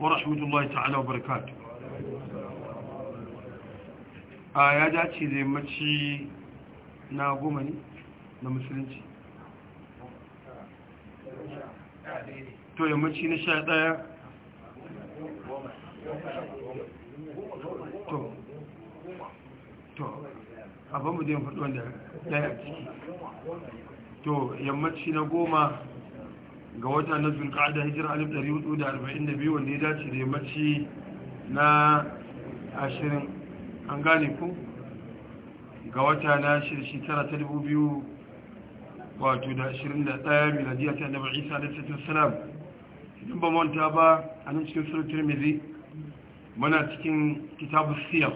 ورحمة الله تعالى وبركاته آية داتي ذي متشي ناغومني نمسلنتي to yammaci na sha ɗaya to to abinmu da yin faɗi wanda ɗaya ciki to yammaci na goma ga wata na da hijira alif 1442 wanda ya dace da yammaci na ashirin an gane ku ga wata na shekara ta dubu biyu, wato da ashirin da 21 miladiya ta annabi isa da sattar salam idan ba manta ba a nan cikin surat tirmidhi muna cikin kitabu siyar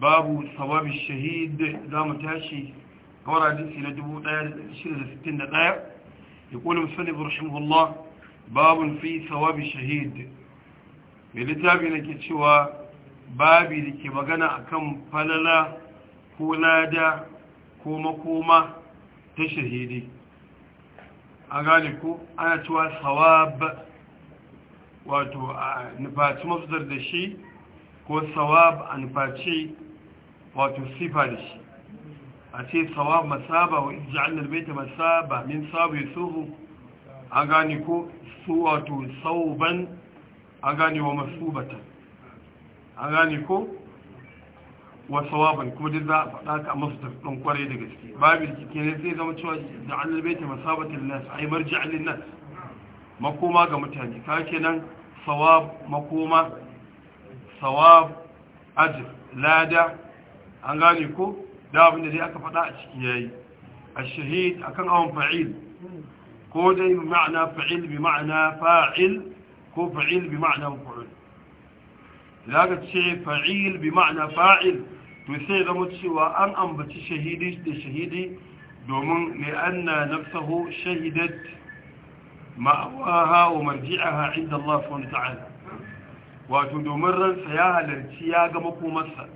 babu sawabi shahid za mu tashi kawar hadisi na dubu da da da sittin 1661 يقول babu رحمه الله باب في ثواب الشهيد بالتابي لك cewa babu da ke magana akan falala ko lada ko makoma ta shahidi a gane ko ana cewa sawab wato a nufaci mafisar da shi ko sawab a nufaci wato sifa da shi a ce sawa masaba wa ja'alnal baita masaba min sabu yusufu an gane ko su to sauban an gane wa masubata an gane ko wa sawaban kuma duk za a faɗa ka masu tafiɗin kwarai da gaske babin cikin ne zai zama cewa ja'alnal baita masabatin nas ai marji'al lin nas makoma ga mutane ka kenan sawab makoma sawab ajr lada an gane ko da abinda dai aka fada a ciki yayi ash-shahid akan awon fa'il ko dai bi ma'ana fa'il bi ma'ana fa'il ko fa'il bi ma'ana maf'ul idan aka ce fa'il bi ma'ana fa'il to sai zama cewa an ambaci shahidi da shahidi domin ne anna nafsahu shahidat ma'awaha wa marji'aha inda Allah subhanahu ta'ala wato domin ransa ya halarci ya ga makomarsa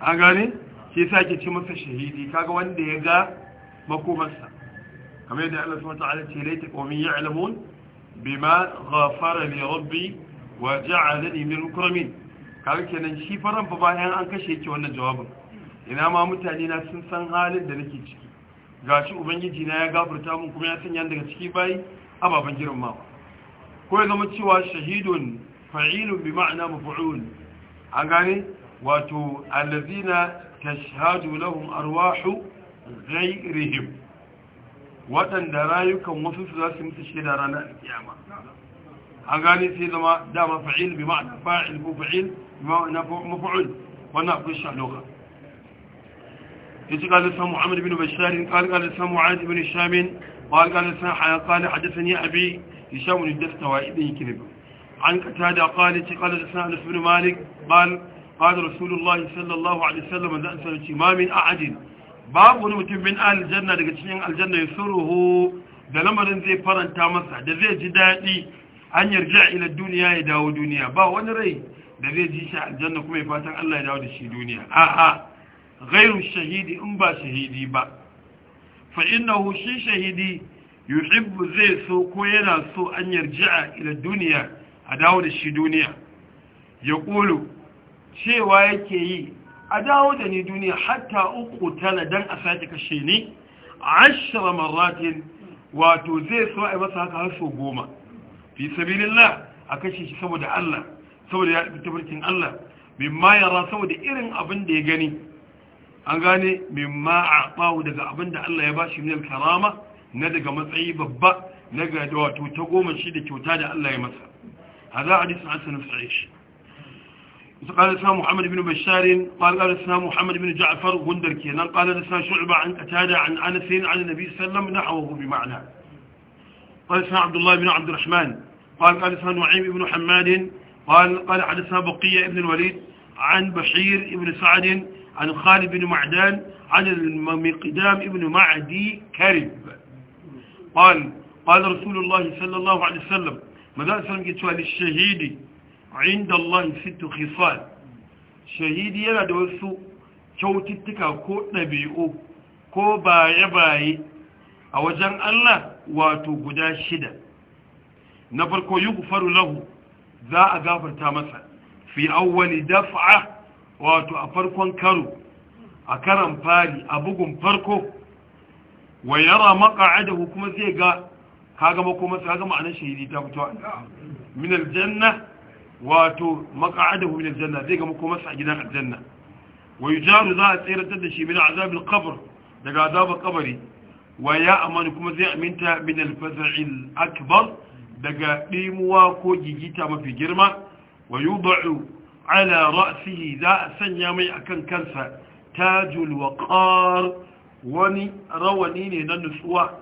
an gane ke sake ci masa shahidi kaga wanda ya ga makomarsa kamar yadda Allah subhanahu wa ta'ala ce laita qawmin ya'lamun bima ghafara li rabbi wa ja'alani min mukramin kaga kenan shi faran fa bayan an kashe ki wannan jawabin ina ma mutane na sun san halin da nake ciki gashi ubangiji na ya gafarta mun kuma ya sanya daga ciki bai ababan ma ko ya zama cewa shahidun fa'ilun bima'na ma'ana maf'ul an gane wato allazina tashhadu lahum arwahu ghayrihim waɗanda rayukan wasu su za su mutu shaida ranar alkiyama an gane sai zama dama fa'il bi ma'ana fa'il ko fa'il na mafa'ul wannan akwai shaloka yace qala samu amr ibn bashar qala qala samu aad ibn sham qala qala samu haya qala hadathani abi hisham ibn daftawa ibn an malik قال رسول الله صلى الله عليه وسلم da an a'adin babu wani mutum min aljanna daga cikin aljanna roho. da lamarin zai faranta masa da zai ji daɗi an yarja ila duniya ya dawo duniya ba wani rai da zai ji shi aljanna kuma ya fatan Allah ya dawo da shi duniya a'a ghairu shahidi in ba shahidi ba fa innahu shi shahidi yuhibbu zai so ko yana so an yarja ila duniya a dawo da shi duniya ya kulu cewa yake yi a dawo da ni duniya hatta uku tala don a sake kashe ni ashira maratin wato zai so a masa haka har sau goma fi sabilillah a kashe shi saboda Allah saboda ya fi tafarkin Allah mimma yara saboda irin abin da ya gani an gane mimma a bawo daga abin da Allah ya ba shi minal karama na daga matsayi babba na ga wato ta goma shi da kyauta da Allah ya masa hadha hadith hasan sahih قال اسمه محمد بن بشار قال قال اسمه محمد بن جعفر غندركي قال اسمه شعبة عن أتادة عن أنس عن النبي صلى الله عليه وسلم نحوه بمعنى قال اسمه عبد الله بن عبد الرحمن قال قال اسمه نعيم بن حماد قال قال حدثنا بقية بن الوليد عن بشير بن سعد عن خالد بن معدان عن المقدام بن معدي كرب قال قال رسول الله صلى الله عليه وسلم ماذا سلم قلت للشهيد inda Allah fitu shahidi yana da wasu kyaututtuka ko ɗabi'u ko baye-baye a wajen Allah wato guda shida na farko yi faru lahu za a gafarta masa fi awwali daf'a wato a farkon karu a karan fari a bugun farko wa yara maqa'adahu kuma zai ga kaga makomarsa kaga ma'anar shahidi ta fito min aljanna wato maq'adahu min aljanna zai ga masa a gidan aljanna wa yujaru za a tsiratar da shi min azab alqabr daga azab kabari wa ya amanu kuma zai aminta min alfaz'i akbar daga dimuwa ko gigita mafi girma wa yud'u ala ra'sihi za a sanya mai akan kansa tajul waqar wani rawani ne na nutsuwa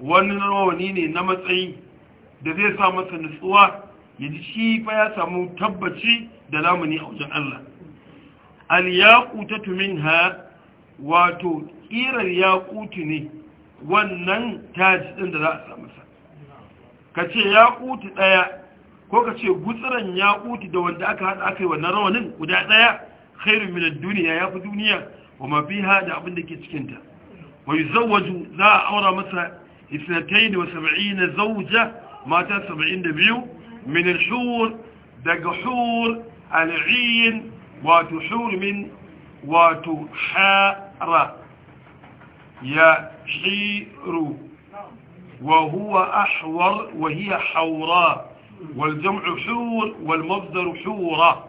wani rawani ne na matsayi da zai sa masa nutsuwa yaji shi fa ya samu tabbaci da lamuni a wajen Allah al-yaqutatu minha wato kirar yaqutu ne wannan taji din da za a samu sa kace yaqutu daya ko kace gutsuran yaqutu da wanda aka hada akai wannan rawanin guda daya khairu min ad-dunya yafi duniya kuma fiha da abin da ke cikin ta wa yuzawwaju za a aura masa 72 zawja mata 72 من الحور دجحور العين وتحور من وتحار يحير وهو أحور وهي حوراء والجمع حور والمصدر حورة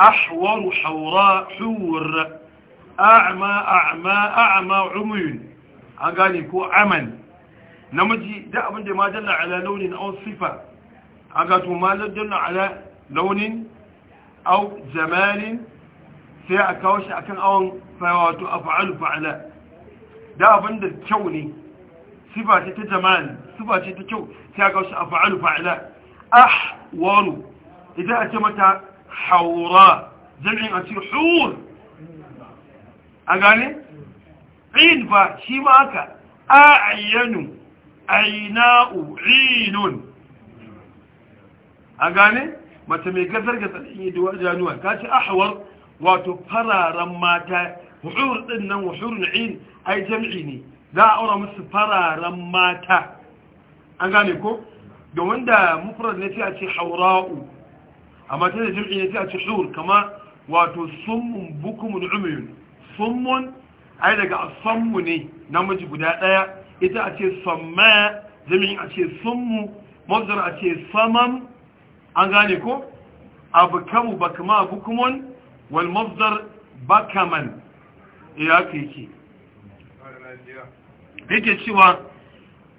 أحور حوراء حور أعمى أعمى أعمى عمي أقالي كو عمل نمجي دائما أبن ما دل على لون أو صفة أقلت ما لدل على لون أو زمان sai a kawo shi akan awon fawato af'alu fa'ala da abin da kyau ne sifa ce ta jamal sifa ce ta kyau sai a kawo shi af'alu fa'ala ahwaru idan a mata haura jami'in a hur gane ba shi ma haka a'ayyanu aina'u inun a gane mace mai gazar ga tsanin yi duwar januwa ta ce ahawar wato fararen mata wuhur din nan wuhur na'in ai jami'i ne za a aura musu fararen mata an gane ko domin da mufurar ne sai a ce haura'u a mata da jami'i ne sai a ce hur kama wato summun bukumun umuyun sumun ai daga sammu ne namiji guda daya ita a ce samma jami'in a ce sunmu mafzar a ce samam an gane ko abkamu bakma bukmun wal mafdar bakaman eh, ya kike yake cewa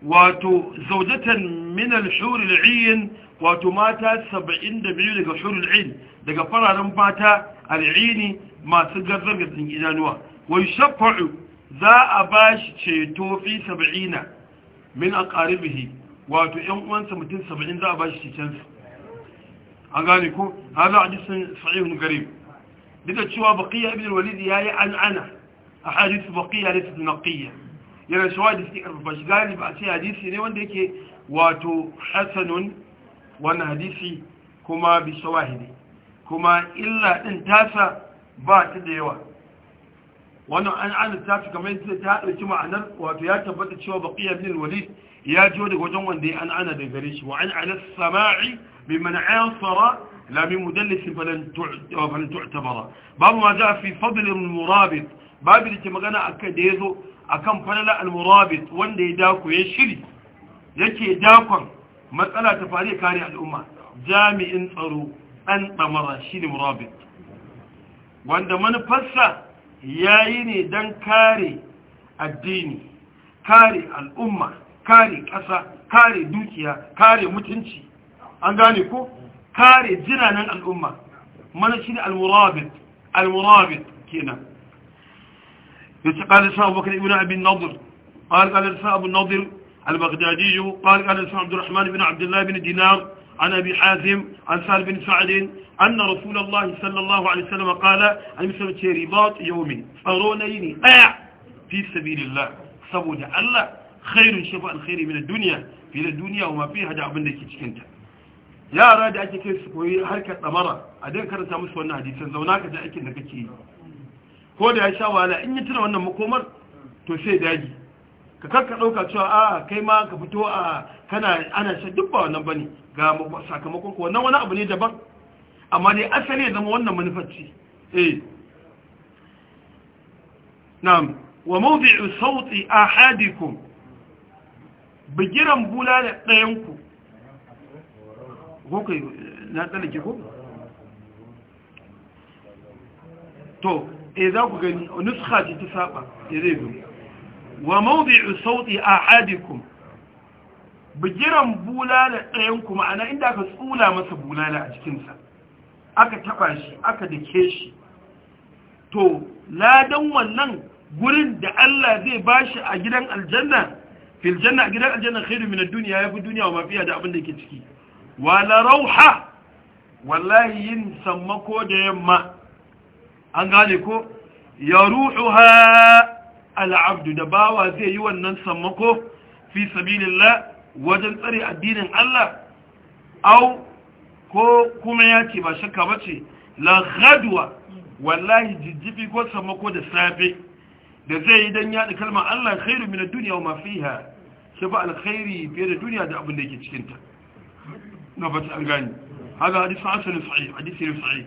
wato zaujatan min al-hur al-ayn wato mata 72 daga hur al daga fararen mata fata al-ayni masu garzargazin idanuwa wa yashfa'u za a ba shi ceto fi 70 min a aqaribihi wato 'yan uwansa mutum 70 za a bashi ceton su an gane ko hada hadisin sahihun garib duk da cewa baqiya ibn walid yayi an'ana ahadith baqiya laysa naqiyya yana da sai karfafa shi ba a ce hadisi ne wanda yake wato hasanun wannan hadisi kuma bi shawahidi kuma illa din tasa ba ta da yawa wannan an ta fi kamar yadda ta ɗauki ma'anar wato ya tabbata cewa baqiya ibn walid ya jiyo daga wajen wanda ya an'ana da gare shi wa an ala samai بمن عاصر لا من مدلس فلن تعتبر باب ما جاء في فضل المرابط باب اللي تمغانا أكد يزو أكم فلل المرابط وان دي داكو يشري يكي داكو مسألة تفاري كاري الأمة جامع انصروا أنت مراشين مرابط وان دا من فسا يايني دان كاري addini kare al'umma kare ƙasa kare dukiya kare mutunci an gane ko kare jiranen al'umma mana shi ne al-murabit al-murabit kenan yace qala sa Abu Bakr ibn Abi Nadir qala qala sa Abu Nadir al-Baghdadi qala qala sa Abd al-Rahman ibn Abdullah ibn Dinar عن أبي حازم عن سال بن سعد أن رسول الله صلى الله عليه وسلم قال أن مثل رباط يومي فرونيني أع في سبيل الله سبوجة الله خير شفاء الخير من الدنيا في الدنيا وما فيها دعوة منك yara da ake kai su koyi harkar damara a dai karanta musu wannan hadisin zauna ka ji aikin da kake yi ko da ya sha wahala in yi tuna wannan makomar to sai daji ka karka ɗauka cewa a kai ma ka fito a kana ana shan duk ba wannan bane ga sakamakon ko wannan wani abu ne daban amma dai asali ya zama wannan manufar ce eh na'am wa mawdi'u sawti ahadikum bigiran bulala ɗayanku ko kai na tsallake ko to eh za ku gani nuska ce ta saba ya eh, zai zo wa mawdi'u sauti adikun. bigiran bulala ɗayan ku ma'ana inda aka tsula masa bulala a jikinsa aka taba shi aka dake shi to ladan wannan gurin da Allah zai bashi a gidan aljanna fil janna a gidan aljanna khairu min ad-dunya yafi duniya wa mafiya da abin da yake ciki wala rauha wallahi yin sammako da yamma an gane ko ya ruhuha al'abdu da bawa zai yi wannan sammako fi sabilillah wajen tsare addinin Allah au ko kuma ya ce ba shakka ba ce la gaduwa wallahi jijjibi ko sammako da safe da zai yi don yaɗa kalmar Allah khairu min ad-dunya wa ma shi ba alkhairi fiye da duniya da abin da yake cikinta na ba ta an gani haka asalin sa'i hadisun sa'i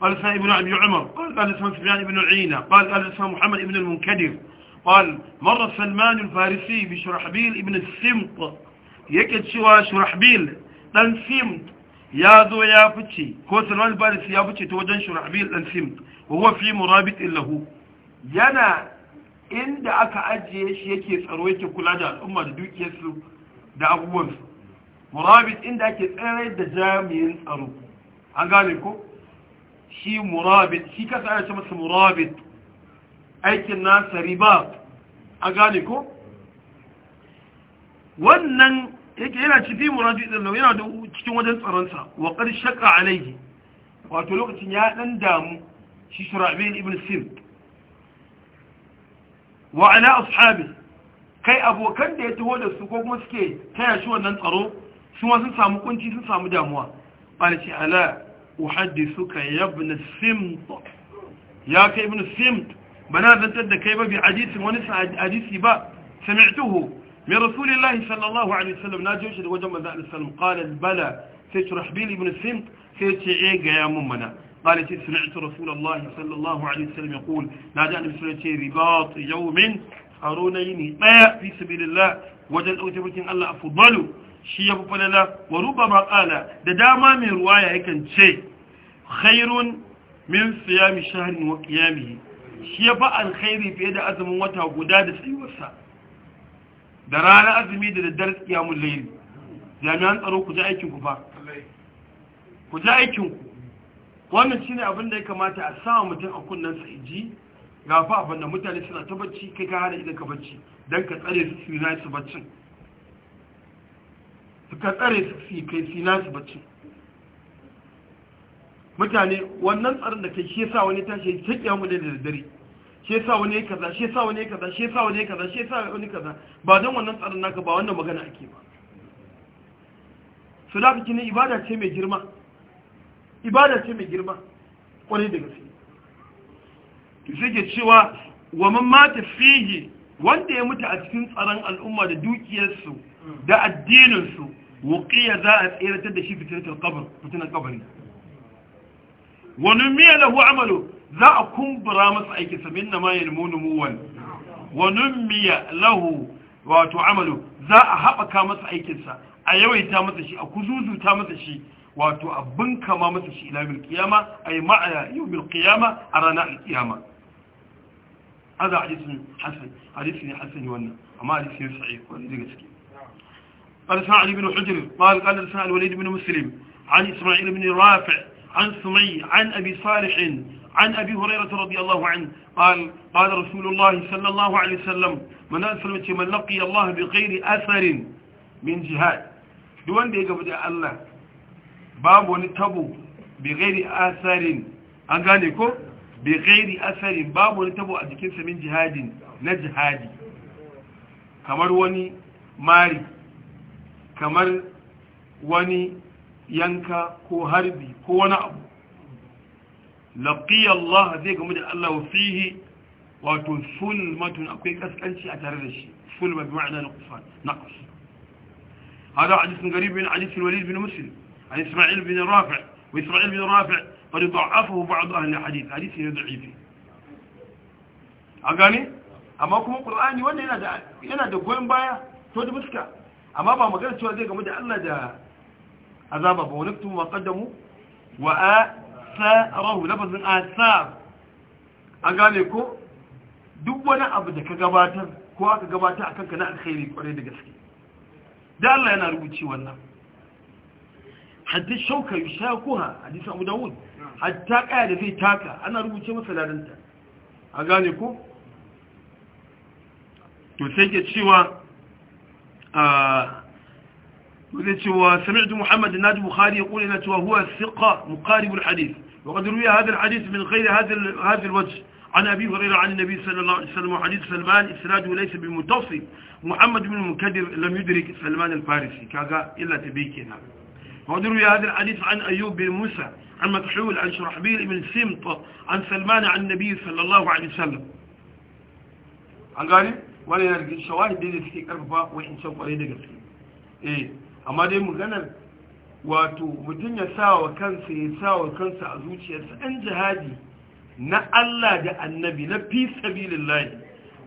ƙwal san ibn abu umar ƙwal ƙwal san sufiyan ibn uina ƙwal ƙwal san muhammad ibn munkadir marar salman al-farisi bi shurahbil ibn simt yake cewa shurahbil ɗan simt ya zo ya fice ko salman al ya fice ta wajen shurahbil ɗan simt wa huwa fi murabit illahu yana inda aka ajiye shi yake tsaro yake kula da al'umma da dukiyarsu da abubuwansu murabit inda ake tsere da jami'in tsaro an gane ko shi murabit shi kasa ana ce masa murabit aikin nasa riba an gane ko wannan yake yana cikin murabit da yana da cikin wajen tsaronsa wa qad shaqa alaihi wato lokacin ya dan damu shi shura'bil ibn sim wa ala ashabi kai abokan da ya taho da su ko kuma suke taya shi wannan tsaro su ma sun samu kunci sun samu damuwa ƙwale ce ala uhaddi suka yabna simt ya kai ibn simt ba na zantar da kai ba bi hadisin wani hadisi ba sami'tuhu min rasulillahi sallallahu alaihi wasallam na jiyo shi da wajen manzo alaihi qala bala sai turahbil ibn simt sai ce eh ga ya mun mana قال سمعت رسول الله صلى الله عليه وسلم يقول ناجع النبي صلى الله عليه وسلم رباط يوم أرونيني في سبيل الله wajen ɗauke bakin Allah a fudalu shi ya fi falala wa ruba maƙala da dama mai ruwa ya yakan ce khairun min siyami shaharin wa ƙiyami shi ya fi alkhairi fiye da azumin wata guda da tsayuwarsa da rana azumi da daddar ƙiyamun lairi jami'an tsaro ku ji aikinku fa ku ji aikinku wannan shi ne abin da ya kamata a sama mutum a sa iji fa abin da mutane suna ta bacci kai ka hana idan ka bacci don ka tsare su su yi su baccin ka tsare su su kai su bacci mutane wannan tsarin da kai shi yasa wani tashi ya taƙi mu da daddare shi yasa wani kaza shi wani wani kaza shi wani wani kaza shi wani kaza ba don wannan tsarin naka ba wannan magana ake ba su da kini ibada ce mai girma ibada ce mai girma kwarai da gaske Ki sai ke cewa wa man mata fihi wanda ya mutu a cikin tsaron al'umma da dukiyarsu da addininsu wuqiya za a tsiratar da shi fitnatul qabr fitnatul qabri wa numiya lahu amalu za a kumbura masa aikin sa minna ma yalmunu muwan wani miya lahu wato amalu za a haɓaka masa aikin sa a yawaita masa shi a kuzuzuta masa shi wato abin kama masa shi ila mil qiyama ay ma'a yawmil milkiyama a ranar qiyama هذا حديث حسن حديث hasani wannan amma hadisi ne sahih wani daga cikin قال سعد بن حجر قال قال سعد الوليد بن مسلم عن إسماعيل بن رافع عن سمي عن أبي صالح عن أبي هريرة رضي الله عنه قال قال رسول الله صلى الله عليه وسلم من أسلمت من لقي الله بغير أثر من جهاد دوان دي قبل الله باب ونتبو بغير أثر أنقانيكو بغير أثر باب ونتبو أدكيس من جهاد نجهادي kamar wani mari kamar wani yanka ko harbi ko wani abu laqiya Allah zai gamu da Allah fihi wato fulmatun akwai kaskanci a tare da shi fulma bi ma'ana al-qufan naqas hada hadithun garib min hadith al-walid bin muslim an isma'il bin rafi' wa isma'il bin rafi' qad da'afahu ba'd ahli al-hadith hadith ne da'ifi a gane amma kuma qur'ani wanda yana da yana da goyen baya to da fuska amma ba magana cewa zai gamu da Allah da azaba ba wani ma kaddamu. wa a asarahu lafazin asar a gane ko duk wani abu da ka gabatar ko aka gabatar akan ka na alkhairi kwarai da gaske da Allah yana rubuci wannan hadis shauka yushakuha hadis Abu Dawud hatta kaya da zai taka ana rubuce masa ladanta a gane ko to sai ke cewa آه، سمعت محمد الناجي بخاري يقول إن هو الثقة مقارب الحديث وقد روي هذا الحديث من غير هذا هذا الوجه عن أبي هريرة عن النبي صلى الله عليه وسلم وحديث سلمان إسناده ليس بمتصل محمد بن المكدر لم يدرك سلمان الفارسي كذا إلا تبيكنا وقد روي هذا الحديث عن أيوب بن موسى عن مكحول عن شرحبيل بن سمط عن سلمان عن النبي صلى الله عليه وسلم عن قال wani yana da shawahid da suke karfafa wa'incan kwarai da gaske eh amma dai maganar wato mutum ya sa wa kansa ya sa wa kansa a zuciyarsa ɗan jihadi na Allah da annabi na fi sabilillahi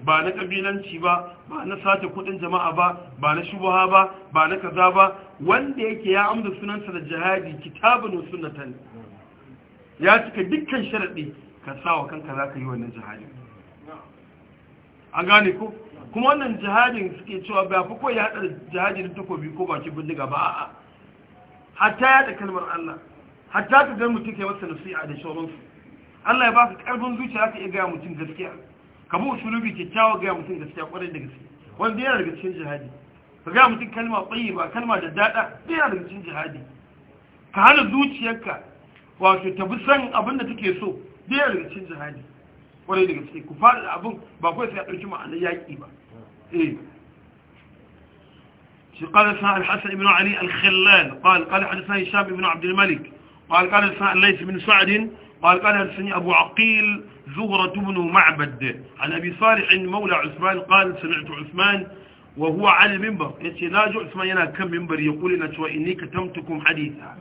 ba na kabilanci ba ba na sace kudin jama'a ba ba na shubuha ba ba na kaza ba wanda yake ya amsa sunansa da jihadi kitabun sunnatan ya cika dukkan sharaɗi ka sa wa kanka za ka yi wannan jihadi an gane ko kuma wannan jihadin suke cewa ba fi ko ya jihadi jihadin takobi ko baki bindiga ba a'a hatta ya da kalmar Allah hatta ta dan mutum kai masa nasiha da shauransu Allah ya baka karfin zuciya ka iya gaya mutum gaskiya ka bu usulubi kyakkyawa gaya mutum gaskiya kwarai da gaske wanda yana daga cikin jihadi ka gaya mutum kalma tsayi ba kalma da daɗa yana daga cikin jihadi ka hana zuciyarka wato ta bi san abin da take so yana daga cikin jihadi kwarai daga gaske ku fara da abin ba kawai sai a ɗauki ma'anar yaƙi ba eh shi qala sa al-hasan ibn ali al-khillal qala qala hadathana hisham ibn abd al-malik qala qala sa al-layth ibn sa'd قال قال حدثني أبو عقيل زهرة بن معبد عن أبي صالح مولى عثمان قال سمعت عثمان وهو على المنبر يتي ناجو عثمان ينا كم منبر يقول لنا إني كتمتكم حديثا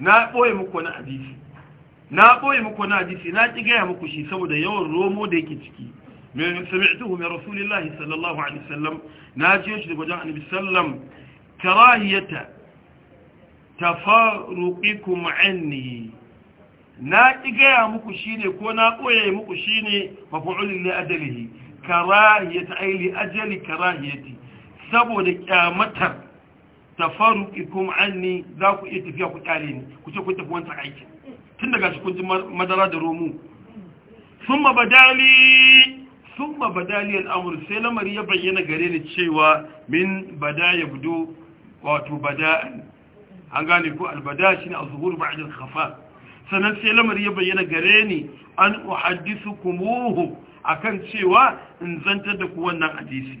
نا أوي مكونا حديثي na ɓoye muku na hadisi na ƙi gaya muku shi saboda yawan romo da yake ciki min sami'tuhu min rasulillahi sallallahu alaihi wasallam na ji shi daga wajen annabi sallam karahiyata tafaruqikum anni na ƙi gaya muku ne ko na ɓoye muku ne maf'ulun li ajalihi karahiyata ay li ajali karahiyati saboda kyamatar tafaruqikum anni za ku iya tafiya ku kyale ni ku ce ku tafi wancan aikin tun daga shi kunji madara da romu sun ma badali sun ma al'amur sai lamari ya bayyana gare ni cewa min bada ya budo wato bada'an an gane ko albada shi ne a zuhur ba'adar khafa sannan sai lamari ya bayyana gare ni an uhaddisu kumuhu akan cewa in zantar da ku wannan hadisi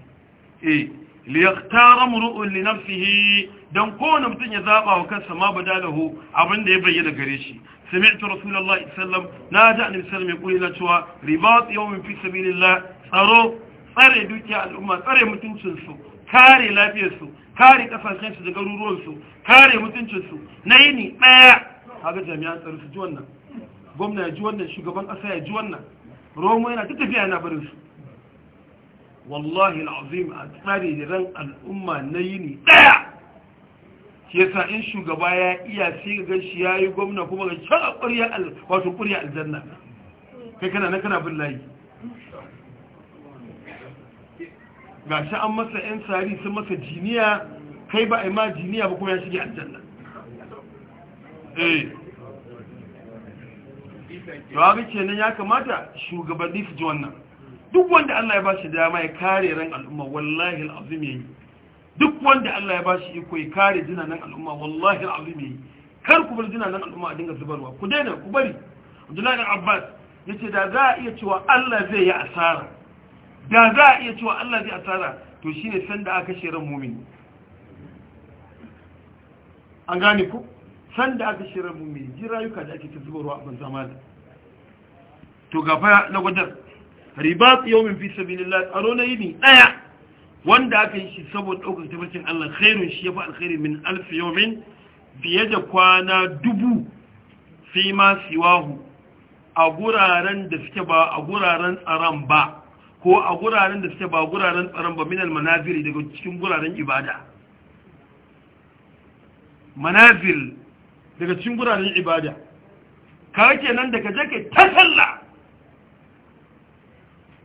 eh, liyaktara muru'un li nafsihi dan kowane mutum ya zaba wa kansa ma badalahu abinda ya bayyana gare shi sami'tu rasulullahi sallam na ji annabi sallam ya kula cewa ribat yawmin fi sabilillah tsaro tsare dukiya al'umma tsare mutuncin su kare lafiyar su kare kasashen su da garuruwan su kare mutuncin su na yini daya kaga jami'an tsaro su ji wannan gwamna ya ji wannan shugaban kasa ya ji wannan romo yana ta tafiya yana barin su wallahi al'azim a tsari ran al'umma na yini ɗaya. ke sa in shugaba ya iya sai ga ya yi gwamna kuma ga can a ƙurya wato ƙurya aljanna kai kana na kana bin layi Ga shi an masa yan tsari sun masa jiniya kai ba a ma jiniya ba kuma ya shige aljanna eh to haka kenan ya kamata shugabanni su ji wannan duk wanda Allah ya ba shi dama ya kare ran al'umma wallahi al'azim yayi duk wanda Allah ya ba shi iko ya kare jinanan al'umma wallahi al'azim yayi kar ku bar jinanan al'umma a dinga zubarwa ku daina ku bari Abdullahi bin Abbas yace da za a iya cewa Allah zai yi asara da za a iya cewa Allah zai asara to shine san da aka kashe ran mu'mini an gane ku san da aka kashe ran mu'mini ji rayuka da ake ta zubarwa a banza mala to gaba na gudar ribat yawmin fi sabilillah aro na yini daya wanda aka yi shi saboda daukar tabbacin Allah khairun shi yafi alkhairi min alf yawmin fiye da kwana dubu fi ma siwahu a guraren da suke ba a guraren tsaron ba ko a guraren da suke ba guraren tsaron ba min manaziri daga cikin guraren ibada manazil daga cikin guraren ibada ka nan daga jake ta sallah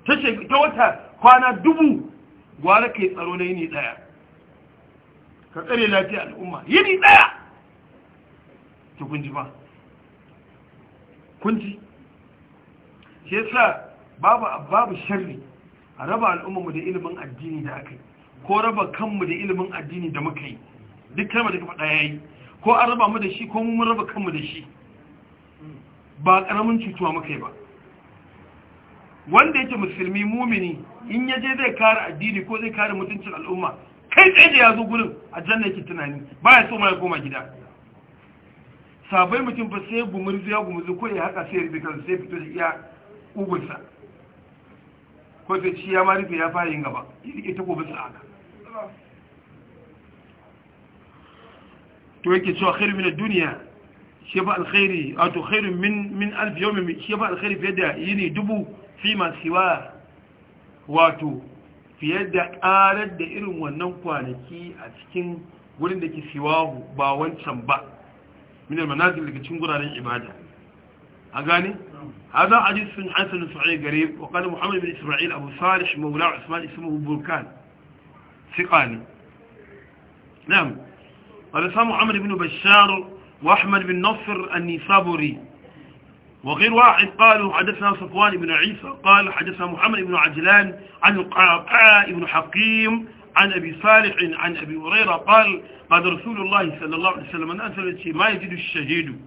ta wata kwana dubu gwara ka yi tsaro na yini daya ka tsare lafiya al'umma yini daya ta kunji ba kunji shi yasa babu babu sharri a raba al'ummanmu da ilimin addini da aka yi ko raba kanmu da ilimin addini da muka yi duk kalmar da kafa ɗaya ya yi ko an raba mu da shi ko mun raba kanmu da shi ba ƙaramin cutuwa muka yi ba wanda yake musulmi mumini in yaje zai kare addini ko zai kare mutuncin al'umma kai tsaye da ya zo gurin aljanna yake tunani ba ya so ma ya koma gida sabai mutum fa sai gumurzu ya gumurzu ko ya haka sai rubuta sai fito da iya ugunsa ko sai shi ya ma rufe ya fara yin gaba ita ko bisa haka to yake cewa khairu min ad-dunya shi ba alkhairi wato khairu min min alf yawmin shi ba alkhairi fiye da yini dubu fi masiwa wato fiye da ƙarar da irin wannan kwanaki a cikin wurin da ke siwahu ba wancan ba minar manazil daga cikin guraren ibada a gane هذا حديث حسن صحيح قريب وقال محمد بن إسماعيل أبو صالح مولى عثمان اسمه بركان ثقاني نعم قال سام محمد بن بشار وأحمد بن نصر النيسابوري وغير واحد قالوا حدثنا صفوان بن عيسى قال حدثنا محمد بن عجلان عن القعقاء بن حقيم عن أبي صالح عن أبي هريرة قال قال رسول الله صلى الله عليه وسلم أن أسألت ما يجد الشهيد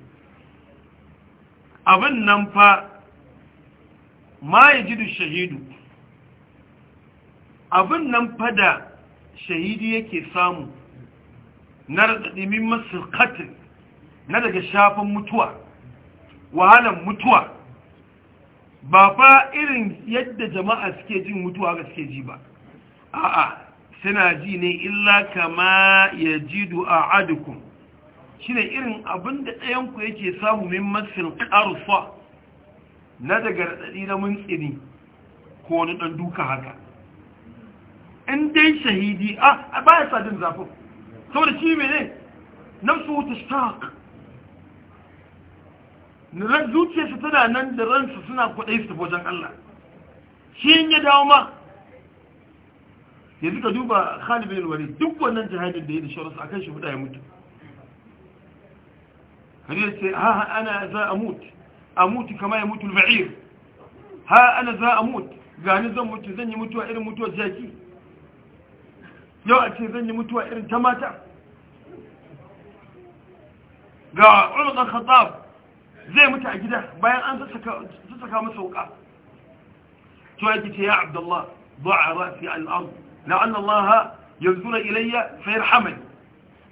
أبنى ف ما يجد الشهيد أبنى فدا شهيدي يكي سامو نرد من مصر قتل نرد شافا متوى Wahalan mutuwa ba fa irin yadda jama'a suke jin mutuwa ga suke ji ba a'a suna ji ne illa kama ya ji a adukun shi ne irin abinda da ɗayanku yake samu min masil ƙarfa na daga raɗaɗi na muntsini ko wani ɗan duka haka in dai shahidi a ah, ba sadin zafin saboda shi mene nafsu ta ran su tana nan da ransu suna kwaɗai su wajen Allah shi yin ya dawo ma yanzu ka duba halibin ilwari duk wannan jihadin da ya da shawararsa akan shi huda ya mutu har ya ce ha ana za a mutu a mutu kama ya mutu al-ba'ir ha ana za a mutu gani zan mutu zan yi mutuwa irin mutuwa jaki yau a ce zan yi mutuwa irin ta mata ga ulul khattab zai mutu a gida bayan an sassaka masa wuka to yake ce ya abdullah du'a ra'si al-ard la'anna allah zura ilayya fayar yarhamani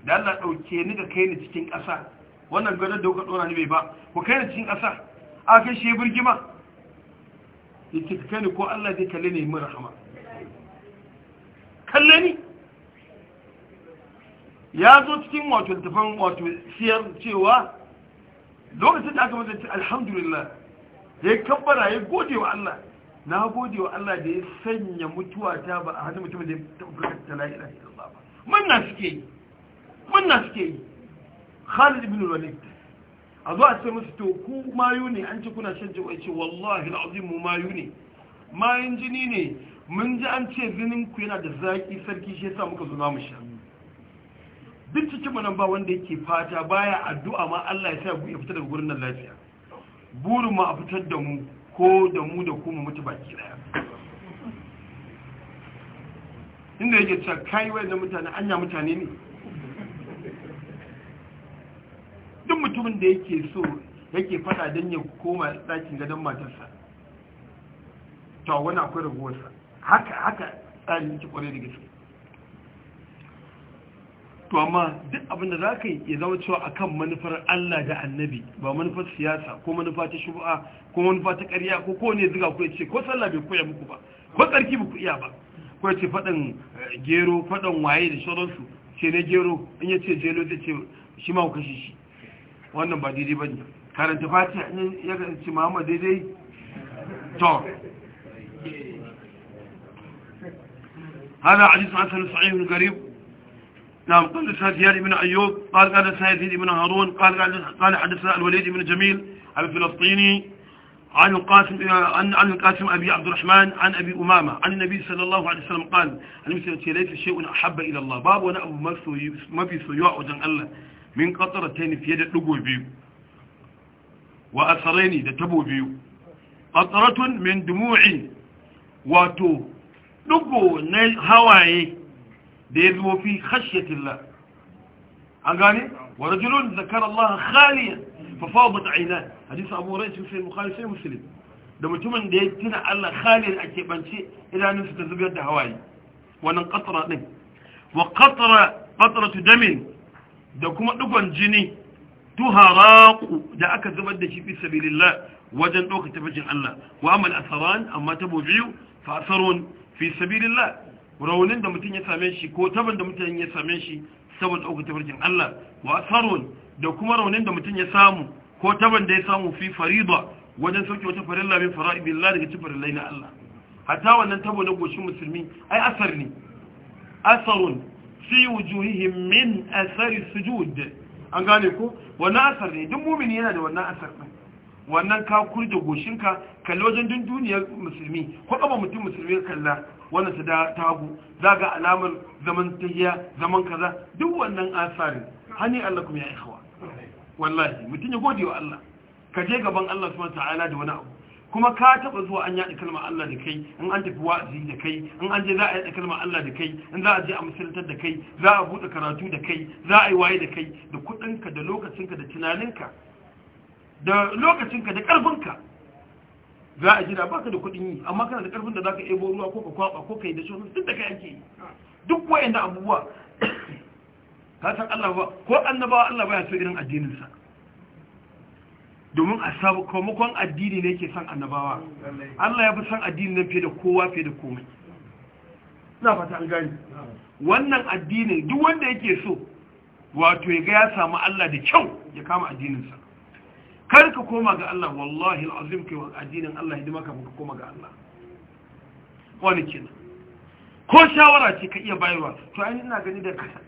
da Allah dauke ni ga kai ni cikin ƙasa wannan gadon da kuka ɗora ni bai ba ku kai ni cikin ƙasa a kai shi birgima yace ka kai ni ko Allah zai kalle ni mu rahama kalle ni ya zo cikin wato tafan wato siyar cewa lokacin da aka masa ce alhamdulillah ya kabbara ya gode wa Allah na gode wa Allah da ya sanya mutuwa ta ba a hannun mutumin da ya tabbata ta la ilaha illallah ba manna suke yi manna suke yi Khalid ibn Walid a zo a sai musu to ku mayu ne an ci kuna shan jiwa ce wallahi alazim mu mayu ne mayun jini ne mun ji an ce zinin ku yana da zaki sarki shi yasa muka zo mu sha duk cikin manan ba wanda yake fata baya addu'a ma Allah ya sa ya fita daga gurin nan lafiya burin mu a fitar da mu ko da mu da kuma mutu baki daya inda yake cewa kai da mutane anya mutane ne duk mutumin da yake so yake fada don ya koma dakin gadon matarsa to wani akwai raguwarsa haka haka tsarin ki kware da gaske to amma duk abin da za ka yi ya zama cewa akan manufar Allah da annabi ba manufar siyasa ko manufa ta shubu'a ko manufa ta ƙarya ko ko ne zuga ku ya ce ko sallah bai koya muku ba ko tsarki ba ku iya ba ko ya ce faɗin eh, gero faɗin waye da sauransu ce na gero in ya ce jelo zai ce shi ma ku kashe shi wannan ba daidai ba ne karanta fati in ya ce muhammad daidai to هذا حديث عن سعيد بن قريب نعم قال سفيان بن أيوب قال قال سيزيد بن هارون قال قال حدثنا الوليد بن جميل الفلسطيني عن القاسم عن عن القاسم أبي عبد الرحمن عن أبي أمامة عن النبي صلى الله عليه وسلم قال المسلمتي ليس شيء أحب إلى الله باب وأنا أبو ما في سيوع وجن الله من قطرتين في يد لقوي بيو وأثريني ده تبو بيو قطرة من دموعي واتو لقو هواي da ya zuwa fi khashyatillah an gane wa rajulun zakara Allah khaliyan fa fadat aynan hadisi Abu Bukhari sai Muslim da mutumin da ya tuna Allah khaliyan a kebance idanunsa ta zubar da hawaye wannan qatra din wa qatra qatratu damin da kuma dugon jini tuharaku da aka zubar da shi fi sabilillah wajen ɗaukar tafajin Allah wa amal asaran amma tabo biyu fa asarun fi sabilillah raunin da mutum ya same shi ko taban da mutum ya same shi saboda ɗaukar tafarkin Allah wa asarun da kuma raunin da mutum ya samu ko taban da ya samu fi farida wajen sauke wata farilla min Allah daga cikin lai na Allah Hata wannan tabo na goshin musulmi ai asar ne asarun fi wujuhihim min asari sujud an gane ko wannan asar ne duk mumini yana da wannan asar din wannan ka kurje goshinka kalli wajen dunduniyar duniyar musulmi ko kaba mutum musulmi kalla wanda su da tagu ga alamar zaman tahiya zaman kaza duk wannan asari hani Allah kuma ya yi hawa. wallahi mutum ya gode wa Allah ka je gaban Allah su wata ala da wani abu kuma ka taɓa zuwa an yaɗa kalma Allah da kai in an tafi wa'azi da kai in an je za a yaɗa kalma Allah da kai in za a je a musuluntar da kai za a buɗe karatu da kai za a yi waye da kai da kuɗinka da lokacinka da tunaninka da lokacinka da karfinka za a jira ka da kudin yi amma kana da karfin da za ka ebo ruwa ko ka kwaba ko yi da shi. duk da kai ake yi duk da abubuwa ka san Allah ba ko annabawa Allah baya so irin addinin sa domin a sabu komakon addini ne yake san annabawa Allah ya fi san addini nan fiye da kowa fiye da komai ina fata an gani wannan addini duk wanda yake so wato ya ga ya samu Allah da kyau ya kama addininsa kar ka koma ga Allah wallahi al'azim ke wa addinin Allah hidima ka koma ga Allah wani kenan ko shawara ce ka iya bayarwa to ai ina gani da kaza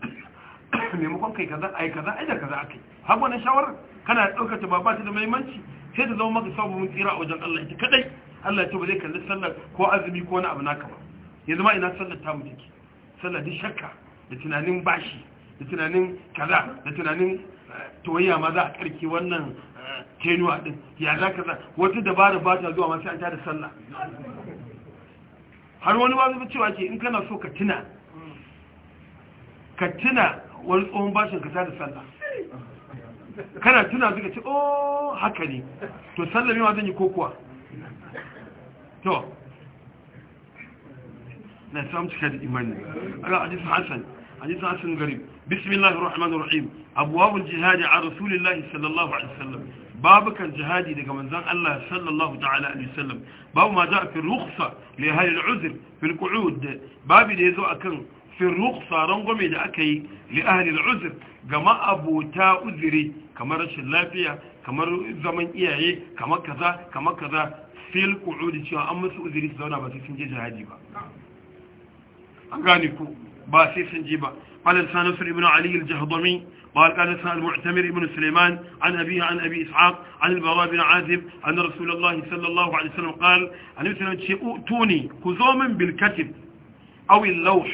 maimakon kai kaza ai kaza ai da kaza akai har wannan shawara kana daukar ta babata da mahimmanci sai ta zama maka sabu mun tsira a wajen Allah ita kadai Allah ya ba zai kalli sallar ko azumi ko wani abu naka ba yanzu ma ina sallar ta mu take sallar shakka da tunanin bashi da tunanin kaza da tunanin eh, toyayya ma za a karki wannan kenuwa eh, din ya za kaza wata dabara ba ta zuwa masu an da sallah har wani ba zuwa cewa ke in kana so ka tuna ka tuna wani tsohon bashin ka ta da sallah kana tuna suka ce o oh, haka ne to sallame ma zan yi kokowa to na samu cika da imani ala hadisun hassan hadisun hassan garib بسم الله الرحمن الرحيم أبواب الجهاد عن رسول الله صلى الله عليه وسلم بابك الجهادي دقى منزان الله صلى الله تعالى عليه وسلم باب ما جاء في الرخصة لأهل العذر في القعود باب ديزو أكن في الرخصة رنقمي دأكي لأهل العذر قما أبو تا أذري كما رش اللافية كما زمن إياه كما كذا كما كذا في القعود شو أمس أذري سونا بس سنجي جهادي با أغانيكو ba sai sun ji ba قال لسان نصر بن علي الجهضمي قال قال لسان المعتمر بن سليمان عن أبيه عن أبي إسحاق عن البراء بن عازب أن رسول الله صلى الله عليه وسلم قال أن يسلم أؤتوني كزوما بالكتب أو اللوح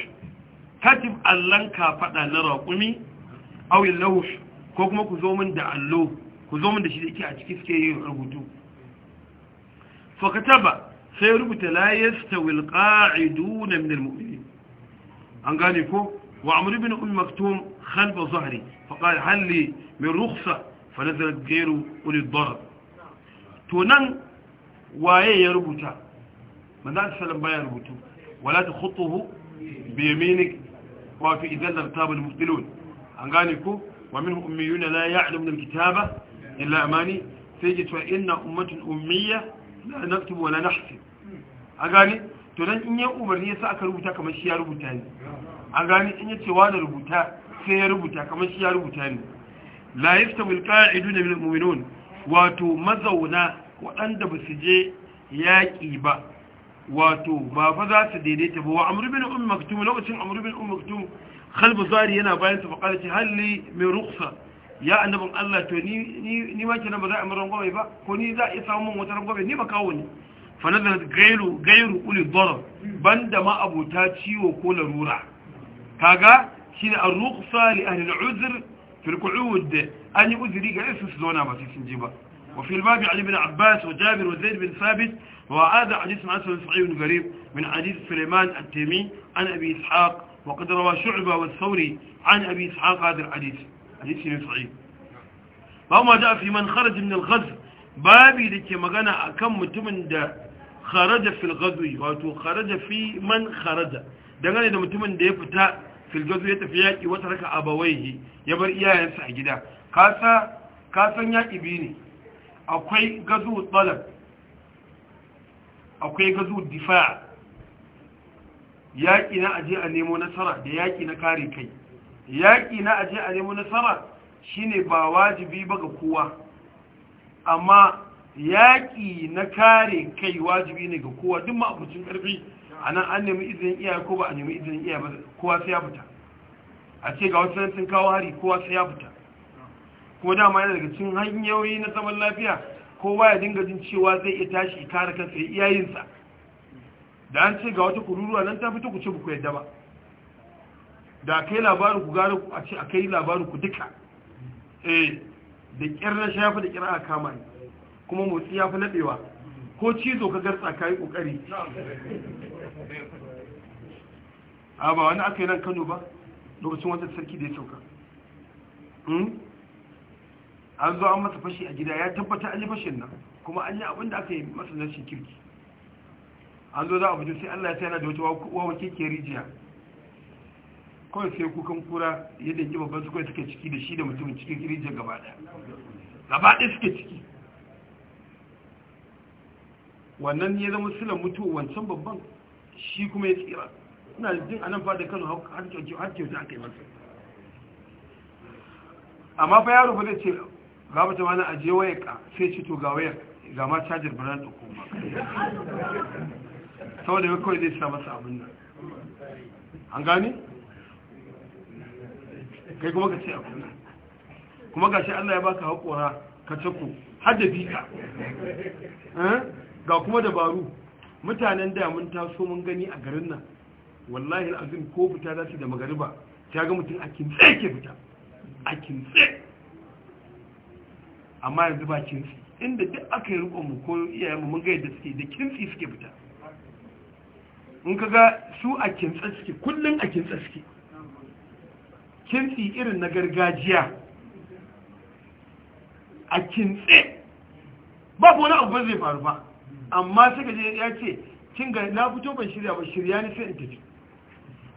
كتب اللنكا فتا نراقمي أو اللوح كوكما كزوما دع اللوح كزوما دع شديكي أتكيس كي يرغدو فكتب سيربت لا يستوي القاعدون من المؤمنين an gane ko wa amr ibn umm maktum khalf zahri fa qala hal li min rukhsa fa nazalat ghayru ulil darb to nan waye ya rubuta manzo sallam baya rubutu wala ta bi yaminik wa fi idan lartaba al-mubtilun an gane ko wa min ummiyuna la ya'lamuna al-kitaba illa amani sai ce to inna ummatun ummiyya la naktubu wala nahsib to dan in ya umarni yasa aka rubuta kamar shi ya rubuta ne an gani in ya ce wani rubuta sai ya rubuta kamar shi ya rubuta ne la yastawil qa'idun min al-mu'minun wato mazauna waɗanda ba su je yaƙi ba wato ba fa za su daidaita ba wa amru bin um maktum lokacin amru bin um maktum khalb zari yana bayan su faqala ce halli min rukhsa ya annabin Allah to ni ni ma kenan ba za a yi rangwame ba ko ni za a iya samun wata rangobe ni ba kawo ne fanazar gairu gairu uli darar banda ma abota ciwo ko larura kaga shine ar-ruqsa li ahli al-uzr fi al-qu'ud an uzri ga isu zona ba sun ji ba wa fi al-babi ali ibn abbas wa jabir wa zaid bin thabit wa hada hadith ma'asal sahih gharib min hadith sulaiman at-timi an abi ishaq wa qad rawa shu'ba wa thawri an abi ishaq hadha al-hadith hadith sahih ba ma ja fi man kharaja min al-ghazw babi dake magana akan mutumin da kharaja fil gadwi wato kharaja fi man kharaja dangane da mutumin da ya fita fil gadwi ya tafi yaki wata raka abawaihi ya bar iyayensa a gida kasa kasan yaki bi ne akwai gazu talab akwai gazu difa yaki na aje a nemo nasara da yaki na kare kai yaki na aje a nemo nasara shine ba wajibi ba ga kowa amma yaƙi na kare kai wajibi ne ga kowa duk ma'abucin ƙarfi a nan an nemi izinin iyaye ko ba a nemi izinin iyaye ba kowa sai ya fita a ce ga wasu nan sun kawo hari kowa sai ya fita kuma dama yana daga cin hanyoyi na zaman lafiya kowa ya dinga jin cewa zai iya tashi kare kansa ya iyayensa da an ce ga wata kururuwa nan ta fito ku ce ku yadda ba da kai labarin ku gare ku a ce a kai labarin ku duka eh da kyar na shafa da kyar a kama ni kuma motsi ya fi naɗewa ko cizo ka garsa ka yi ƙoƙari a ba wani aka yi nan kano ba lokacin wata sarki da ya sauka hmm? an zo an masa fashi a gida ya tabbata an yi fashin nan kuma an yi abinda aka yi masa shi kirki an zo za a bujo sai allah ya sai yana da wata wawakin ke rijiya kawai sai kukan kura yadda yi babban su kawai suke ciki da shi da mutumin cikin rijiyar gaba ɗaya gaba ɗaya suke ciki wannan ya zama sunan mutu wancan babban shi kuma ya tsira ina jin anan fada kano har kyauta aka yi masa amma fa yaro ba zai ce gaba ta mana aje waya ka sai ce to ga wayar ga ma cajar bana da kuma saboda da kawai zai sa masa abin nan an gani kai kuma ka ce abin nan kuma gashi Allah ya baka haƙora ka cako har da ka. ga kuma dabaru mutanen da mun taso mun gani a garin nan wallahi al'azim ko fita za su da magariba ta ga mutum a kintse ke fita a kintse amma yanzu ba kintsi inda duk aka yi mu ko iyayenmu mun ga yadda suke da kintsi suke fita in ka ga su a kintsa suke kullum a kintsa suke kintsi irin na gargajiya a kintse babu wani abu zai faru ba amma suka je ya ce kin ga na fito ban shirya ba shirya ni sai in tafi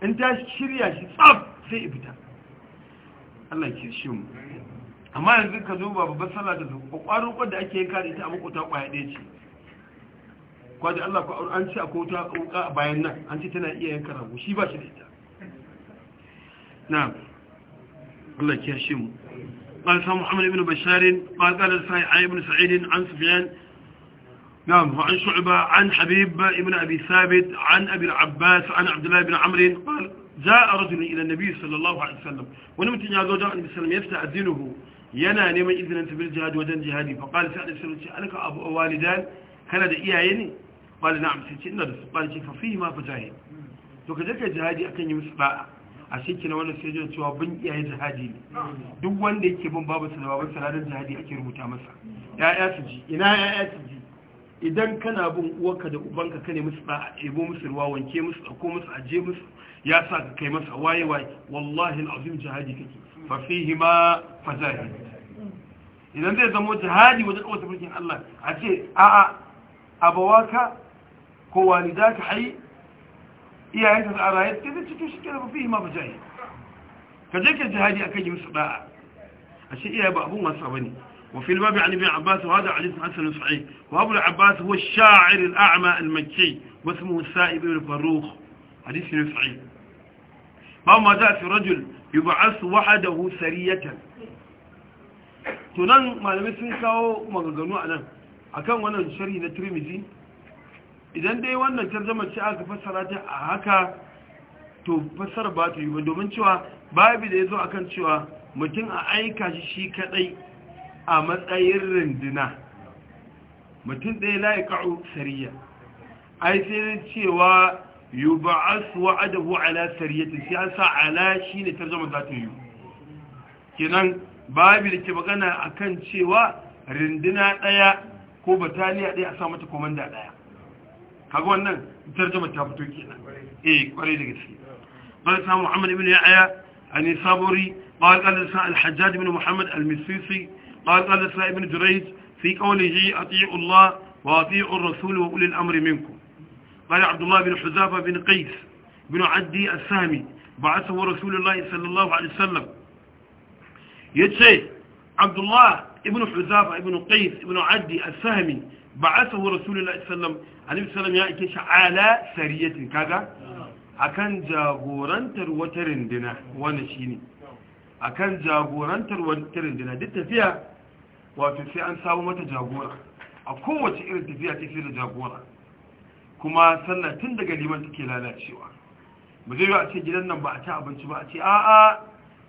in ta shirya shi tsaf sai in fita Allah ke shi mu amma yanzu ka zo ba babbar sallah da zuwa kwaro kwan da ake yanka da ita a makota kwaya ɗaya ce da Allah ko an ce akwai wuta wuka bayan nan an ce tana iya yanka rago shi ba shi da ita na Allah ke shi mu قال سلام محمد بن بشار قال قال السائح بن سعيد عن سفيان نعم وعن شعبة عن حبيب ابن أبي ثابت عن أبي العباس عن عبد الله بن عمرو قال جاء رجل إلى النبي صلى الله عليه وسلم ونمت جاء جاء النبي صلى الله عليه وسلم يستأذنه ينا نما إذن أنت بالجهاد وجن جهادي فقال سعد بن سلمة ألك أبو والدان كان دا إيايني قال نعم سيتي إن قال ففيهما فجاهد وكذلك جهادي أكن يمسبع a shi na wannan sai jin cewa bin iyaye jihadi ne duk wanda yake bin babu sa da babu sa jihadi ake rubuta masa ya'ya su ji ina ya'ya su ji idan kana bin uwarka da ubanka kane musu da a ebo musu ruwa wanke musu ɗauko musu aje musu ya sa ka kai masa waye waye wallahi azim jihadi kake fa fihi ma fazahid idan zai zama jihadi wajen kawata mulkin Allah a ce a'a abawaka ko walidaka hai iyayenka a raye ta zai cikin shi kira ba fihi ma fazahid ka je ka jihadi akan yi musu da'a a ce iyaye ba abun wasa bane وفي الباب عن ابن عباس وهذا حديث حسن صحيح وابو العباس هو الشاعر الأعمى المكي واسمه السائب بن الفروخ حديث صحيح باب ما جاء في رجل يبعث وحده سرية tunan malamai sun kawo maganganu a nan akan wannan shari na tirmizi idan dai wannan tarjama ce aka fassara ta a haka to fassara ba ta yi ba domin cewa babu da ya zo akan cewa mutum a aika shi shi kadai a matsayin rindina mutum ɗaya la'i ƙa'u sariya ai sai cewa yi ba'asu adabu ala sariyatin sai an sa ala shi ne ta zama zata yi Kinan babu da ke magana a kan cewa rindina ɗaya ko bataliya ɗaya a sa mata komanda ɗaya kaga wannan tarjama ta fito kenan eh kwarai da gaske قال سلام محمد بن يعيا عن صابري al-hajjaj ibn muhammad al-misisi قال قال الإسلام ابن جريج في قوله أطيعوا الله وأطيعوا الرسول وأولي الأمر منكم قال عبد الله بن حذافة بن قيس بن عدي السامي بعثه رسول الله صلى الله عليه وسلم يتشي عبد الله ابن حذافة ابن قيس ابن عدي السامي بعثه رسول الله صلى الله عليه وسلم عليه وسلم يأكيش على سرية كذا akan jagorantar wata rindina wani shine akan jagorantar wata rindina duk tafiya wato sai an samu mata jagora a kowace irin tafiya ce sai da jagora kuma sallah tun daga liman take lalacewa ba zai a ce gidan nan ba a ci abinci ba a ce a'a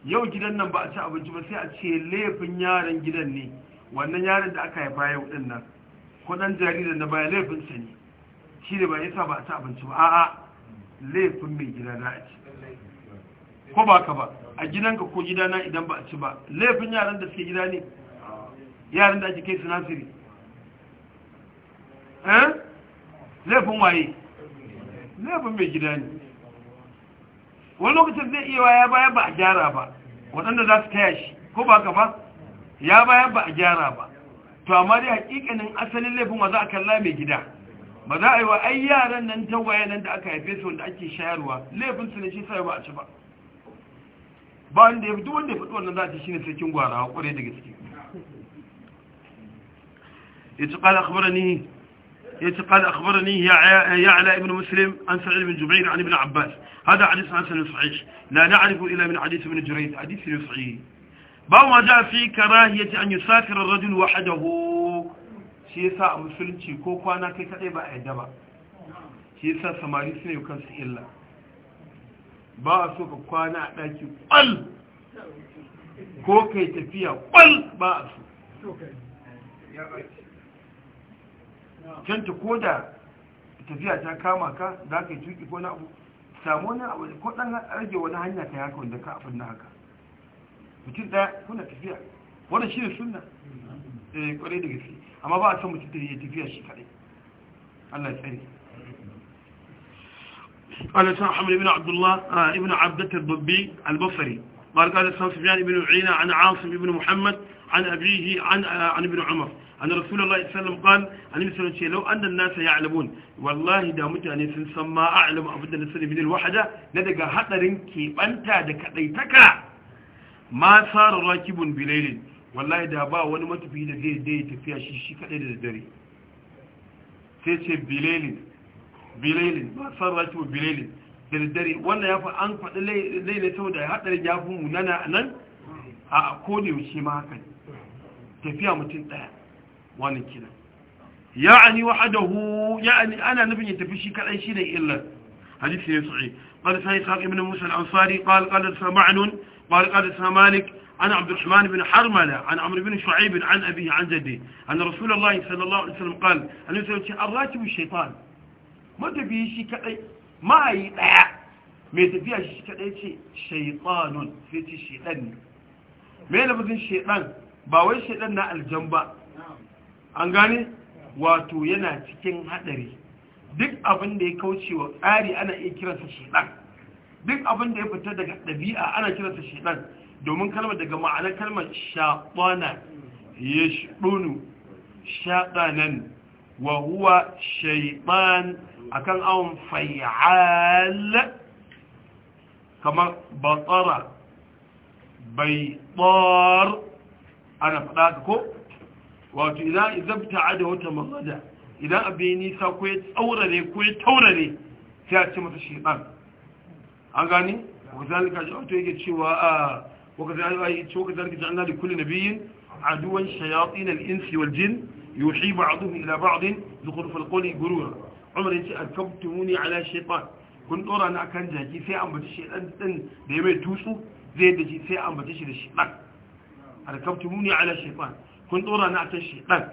yau gidan nan ba a ci abinci ba sai a ce laifin yaran gidan ne wannan yaran da aka haifa yau din nan ko dan jaririn na baya laifin sa ne shi ne ba yasa ba a ci abinci ba a'a laifin mai gida za a ci ko ba ka ba a gidanka ko gidana idan ba a ci ba laifin yaran da suke gida ne yaran da ake kai su nasiri eh? laifin waye laifin mai gida ne wani lokacin zai iya ya baya ba a gyara ba waɗanda za su taya shi ko ba ka ba ya baya ba a gyara ba to amma dai hakikanin asalin laifin wa za a kalla mai gida ba za a yi wa ai yaran nan tawaye nan da aka haife su wanda ake shayarwa laifin su ne shi sai ba a ci ba ba wanda ya fi duk wanda ya fi wannan za a ci shi ne sarkin gwara a kware da gaske a qala akhbarani yace qala akhbarani ya'la ibn an sa'id ibn jubair an ibn abbas hada hadith hasan sahih la na'rifu illa min hadith ibn jurayd hadith sahih babu ma ja fi karahiyati an yusafira ar-rajul wahdahu shi yasa a musulunci ko kwana kai kadai ba a yadda ba shi yasa samari suna yi kansu ba a so ka kwana ɗaki ko kai tafiya ba a so canta ko da tafiya ta kama ka za ka yi tuki ko na abu samu wani abu ko ɗan rage wani hanya ta haka wanda ka abin na haka mutum ɗaya kuna tafiya wani shi ne suna eh kwarai da gaske amma ba a san mutum da ya tafiya shi kaɗai Allah ya tsare قال سنة حمد بن عبد الله ابن عبدة الضبي البصري قال قال سنة سفيان بن عينة عن عاصم بن محمد عن أبيه عن, عن ابن عمر an rasulullahi sallam qal annabi sallam ce law anna an ya ya'lamun wallahi da mutane sun san ma a'lamu abin da nasir bin al na daga hadarin keɓanta da kadaitaka ma sar rakibun bilailin wallahi da ba wani matafi da zai dai tafiya shi shi kadai da dare sai ce bilailin bilailin ma sar rakibun bilailin da dare wannan ya fa an faɗi lailai saboda hadarin ya fi munana nan a kodi shi ma haka tafiya mutum ɗaya wannan kenan ya'ani wahdahu ya'ani ana nufin ya tafi shi kadai shine illa hadisi ne sahih قال سيد إسحاق بن موسى الأنصاري قال قال سمعن قال قال سمالك عن عبد الرحمن بن حرملة عن عمرو بن شعيب عن أبيه عن جدي أن رسول الله صلى الله عليه وسلم قال أن الراتب الشيطان ما تبيه شيء كأي ما يدع ما تبيه شيء كأي شيء شيطان في الشيطان ما لابد الشيطان باوي الشيطان الجنب an gane wato yana cikin hadari duk abin da ya kauce wa tsari ana iya kiransa shedan duk abin da ya fita daga ɗabi'a ana kiransa shedan domin kalmar daga ma'anar kalmar shaɓana ya shiɗonu wa huwa shaiɓan a kan awon fayyal kamar batsara bai ana faɗa ko wato idan zabta da wata magada idan abin nisa ko ya tsaurare ko ya taurare sai a ce masa shaitan an gani wakazalika wato yake cewa a wakazalika ja'alna li kulli nabiyyin aduwan shayatin al-insi wal jin yuhi ba'dhum ila ba'd zukhruf al-qawli gurura umar yace akabtumuni ala shaitan kun dora ni kan jaki sai an ambaci shaitan din da ya mai tutsu zai da shi sai an ambaci shi da shaitan akabtumuni ala shaitan kun tsora na akan shaitan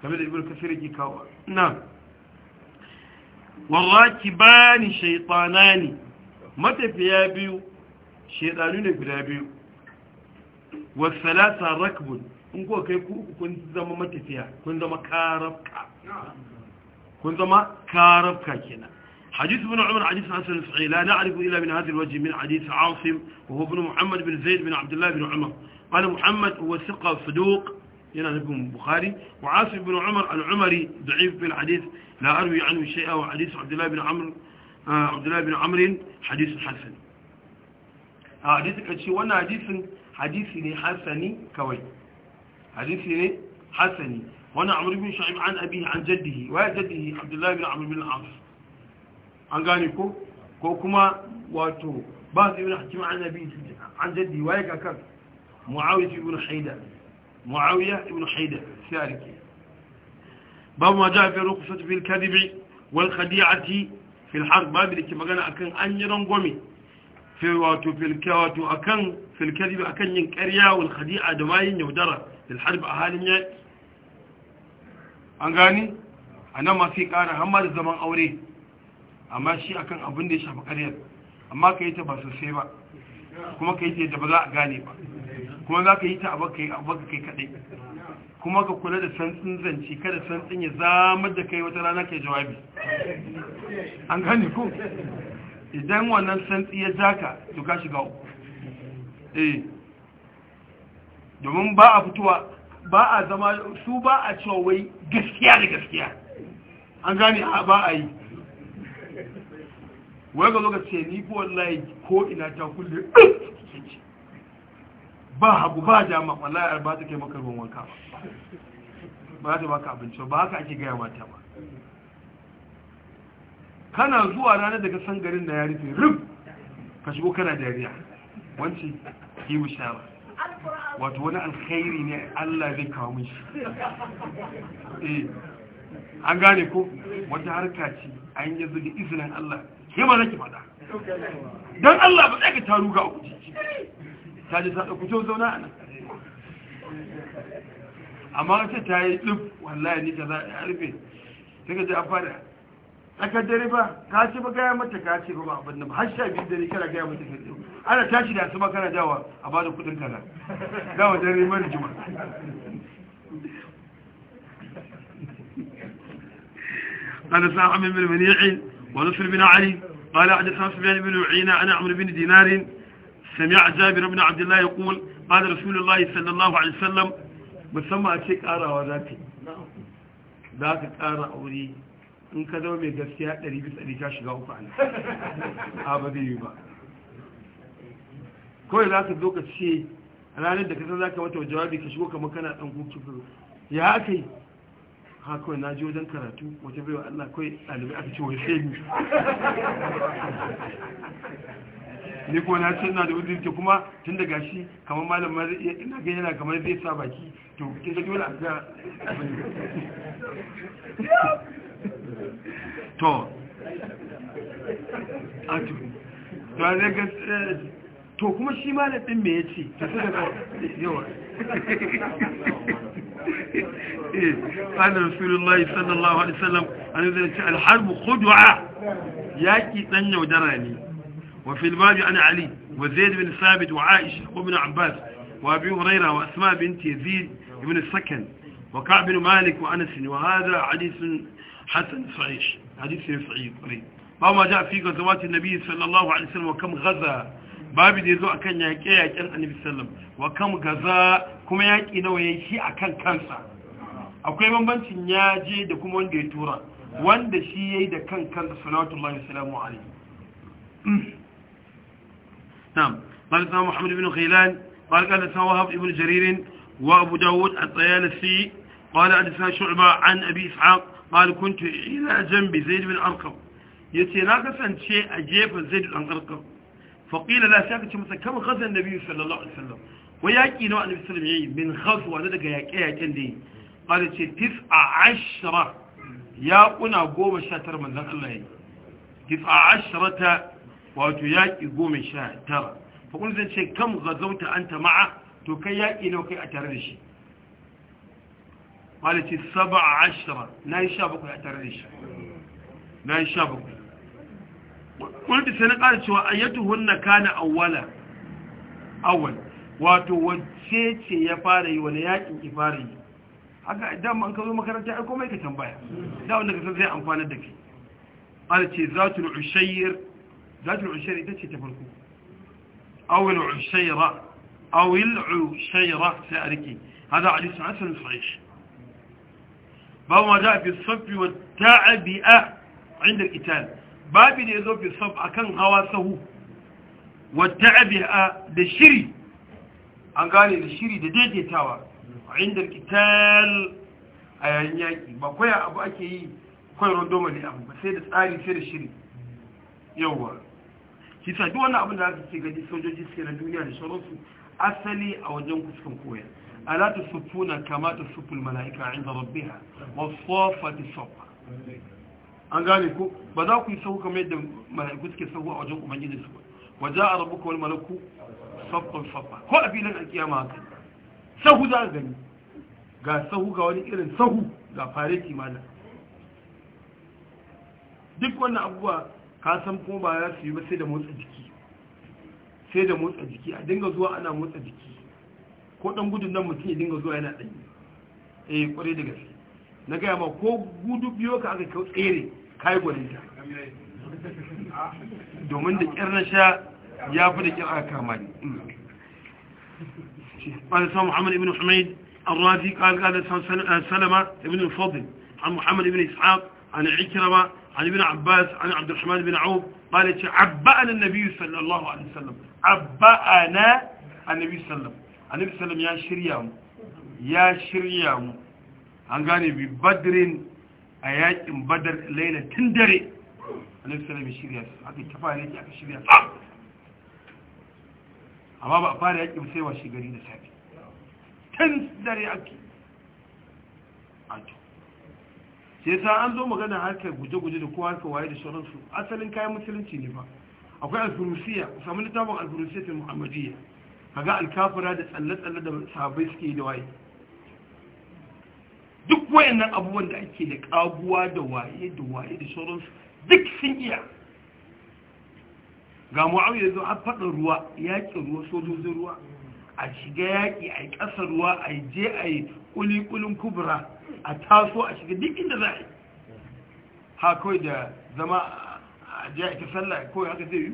kamar da ibn kasir yake kawo na warakibani shaitanani matafiya biyu shaitanu ne guda biyu wasalasa rakbun in kuwa kai ku kun zama matafiya kun zama karabka kun zama karabka kenan حديث ابن عمر حديث حسن الصحيح لا نعرف إلا من هذا الوجه من حديث عاصم وهو ابن محمد بن زيد بن عبد الله بن عمر قال محمد هو ثقة صدوق yana nufin bukhari wa asu ibn umar al'umari da da'if bil hadith la arwi anhu shay'a wa hadith abdullahi bin amr uh, abdullah ibn amr hadith hasan hadith wannan hadisin hadisi ne hasani kawai hadisi ne hasani wani amr bin shu'aib an abihi an jaddihi wa jaddihi abdullahi bin amr bin al an gane ko ko kuma wato ba su ibn hakim an abi an jaddi wa ya kakar muawiya ibn haida معاوية بن حيدة الثالثي باب ما جاء في الرخصة في الكذب والخديعة في الحرب باب لكي مغانا أكن أنجران قومي في واتو في الكواتو أكن في الكذب أكن ينكريا والخديعة دمائن يودرة للحرب أهالي an gani a nan masu yi ƙara hamma da zaman aure amma shi akan abin da ya shafi ƙaryar amma ka yi ta ba sosai ba kuma ka yi ta yadda ba za a gane ba kuma za ka yi ta abaka kai kaɗai kuma ka kula da santsin zance kada santsin ya zama da kai wata rana ke jawabi an gani ku idan wannan santsi ya jaka to ka shiga uku eh domin ba a fitowa ba a zama su ba a cewa wai gaskiya da gaskiya an gani a, ba a yi wai ga lokaci ne ni wallahi ko ina ta kulle ba hagu ba jama wallahi ba ta kai maka ruwan wanka ba ta baka abinci ba haka ake gaya mata ba kana zuwa ranar daga san garin da ya rufe rub ka shigo kana dariya wance yi shara wato wani alkhairi ne Allah zai kawo mun shi eh an gane ko wata harka ce an yanzu da izinin Allah ke ma ki faɗa don Allah ba zai ka taru ga uku ta ji ta ɗauku to zauna a nan amma wacce ta yi ɗuf wallahi ni ka za a rufe sai ka ji an fara tsakar dare ba ka ce ba gaya mata ka ce ba ba abin nan har sha biyu dare kana gaya mata kai ana tashi da asuba kana dawa a bada kudin kaza dawa dare mara juma قال سلام عمي بن منيع ونصر بن علي قال حدثنا سفيان بن عيينة عن عمرو بن دينار سمع جابر بن عبد الله يقول قال رسول الله صلى الله عليه وسلم musamman a ce karawa za ta yi za ka kara aure in ka zama mai gaskiya 100% ka shiga uku ana a ba zai yi ba kawai za ka zo ka ce ranar da kasar za ka ka shigo kana ɗan ya ha kawai na ji wajen karatu wata baiwa allah kawai ɗalibai aka ce wai sai ne kuma na canza da wanda ta kuma tun daga shi kamar malam ma zai iya ina ga yana kamar zai sa baki to ke ga dole a ga to a to to ne ga eh, to kuma shi malam din me yace to sai daga yawa قال رسول الله صلى الله عليه وسلم أن الحرب خدعة ياكي تنيو دراني وفي الباب عن علي وزيد بن ثابت وعائشة وابن عباس وابي هريرة وأسماء بنت يزيد بن السكن وكعب بن مالك وأنس وهذا حديث حسن صحيح حديث صحيح قريب وما جاء في غزوات النبي صلى الله عليه وسلم وكم غزا babu da ya zo a kan yaƙe-yaƙen annabi sallam wa kam gaza kuma yaƙi nawa ya shi a kan kansa akwai bambancin yaje da kuma wanda ya tura wanda shi ya yi da kan kansa salawatullahi salamu alaihi نعم قال سنا محمد بن خيلان قال قال سنا وهب بن جرير وأبو داود الطيالسي قال حدثنا شعبة عن أبي إسحاق قال كنت إلى جنب زيد بن أرقم يتناقص عن شيء أجيب زيد بن أرقم فقيل لا شك مثلا كم غزا النبي صلى الله عليه وسلم وياكي نوع النبي صلى الله عليه وسلم من غزوة لدك ياكي ياكي قال شيء تسع عشرة يا قنا قوم الشاتر من ذن الله تسع عشرة wato yaƙi goma sha tara faƙul zan ce kam zauta an ta ma'a to kai yaƙi nawa kai a tare da shi ce saba a ashira na yi sha bakwai a tare da shi na yi sha bakwai ƙulɗi sai na ƙara cewa ayyatu hunna kana awwala awwal wato wace ce ya fara yi wani yaƙin ki fara yi haka idan an kawo makaranta ai komai ka tambaya da wanda ka san zai amfana da kai malice zatul ushayr zatul ushayra ita ce ta farko awil ushayra awil sai a rike hada hadisi hasan sahih babu ma ja'a fi safi wa ta'abi'a inda babu da yazo fi saf akan hawa sahu wa ta'abi'a da shiri an gane da shiri da daidaitawa inda qital a yayin yaƙi ba abu ake yi koyar rondoma ba sai da tsari sai da shiri yauwa kisa duk wannan abin da aka ce gaji sojoji suke na duniya da shawararsu asali a wajen kuskan koya ala ta sufuna kama ta suful mala'ika inda rabbiha wa sofa ta sofa an gane ko ba za ku yi sahu kamar yadda mala'iku suke sahu a wajen ubangiji su wa ja a rabu kawai malaku saffan saffa ko a filin alkiyama haka sahu za a gani ga sahu ga wani irin sahu ga fareti mala duk wannan abubuwa ka san kuma ba ya su yi ba sai da motsa jiki sai da motsa jiki a dinga zuwa ana motsa jiki ko dan gudun nan mutum ya dinga zuwa yana ɗanyi eh kwarai da gaske na gaya ma ko gudu biyo ka aka kyau tsere kai domin da kyar sha ya fi da kyar aka kama ni قال سلام محمد بن حميد الرازي قال قال سلمة ibn الفضل عن muhammad ibn إسحاق عن عكرمة عن ابن عباس عن عبد الرحمن بن عوف قال عبأنا النبي صلى الله عليه وسلم عبأنا النبي صلى الله عليه وسلم يا شريام يا شريام an gane bi badrin a yakin badar laila tun dare annabi sallallahu alaihi shirya su aka tafa ne aka shirya amma ba a fara yakin sai washe gari da tun dare ake sai sa an zo magana harkar guje-guje da kowa harkar waye da sauransu asalin kayan musulunci ne ba akwai alfurusiya samun littafin alfurusiya ta muhammadiyya kaga alkafura da tsalle-tsalle da sabai suke da waye duk wayannan abubuwan da ake da kaguwa da waye da waye da sauransu duk sun iya ga mu'awiyar zo an faɗin ruwa yaƙin ruwa sojojin ruwa a shiga yaƙi a yi ƙasa ruwa a yi je a yi ƙuli-ƙulin kubra a taso a shiga duk inda za a yi ha kawai da zama a jiya ita sallah kawai haka zai yi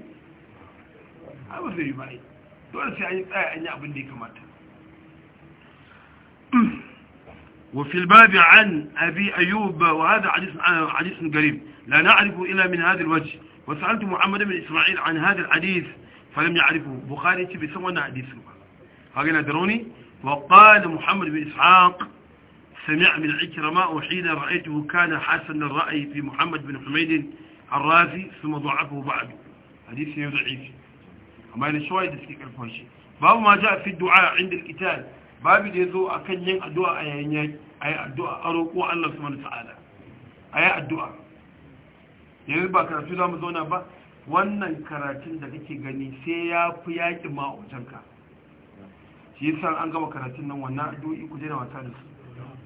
ha zai yi ba dole sai an yi an yi abin da ya kamata وفي الباب عن أبي أيوب وهذا حديث حديث قريب لا نعرف إلا من هذا الوجه وسألت محمد بن إسماعيل عن هذا الحديث فلم يعرفه بخاري تبي سوى حديثه هكذا دروني وقال محمد بن إسحاق سمع من عكرمة وحين رأيته كان حسن الرأي في محمد بن حميد الرازي ثم ضعفه بعد حديث ضعيف أما لشوية تسكيك الفوشي باب ما جاء في الدعاء عند القتال باب يزو أكن ين الدعاء ينيك أي الدعاء أروقوا الله سبحانه وتعالى أي الدعاء yanzu ba karatu za mu zauna ba wannan karatun da kake gani sai ya fi yaƙi ma a wajenka shi yasa an gama karatun nan wannan addu'o'i ku daina wasa da su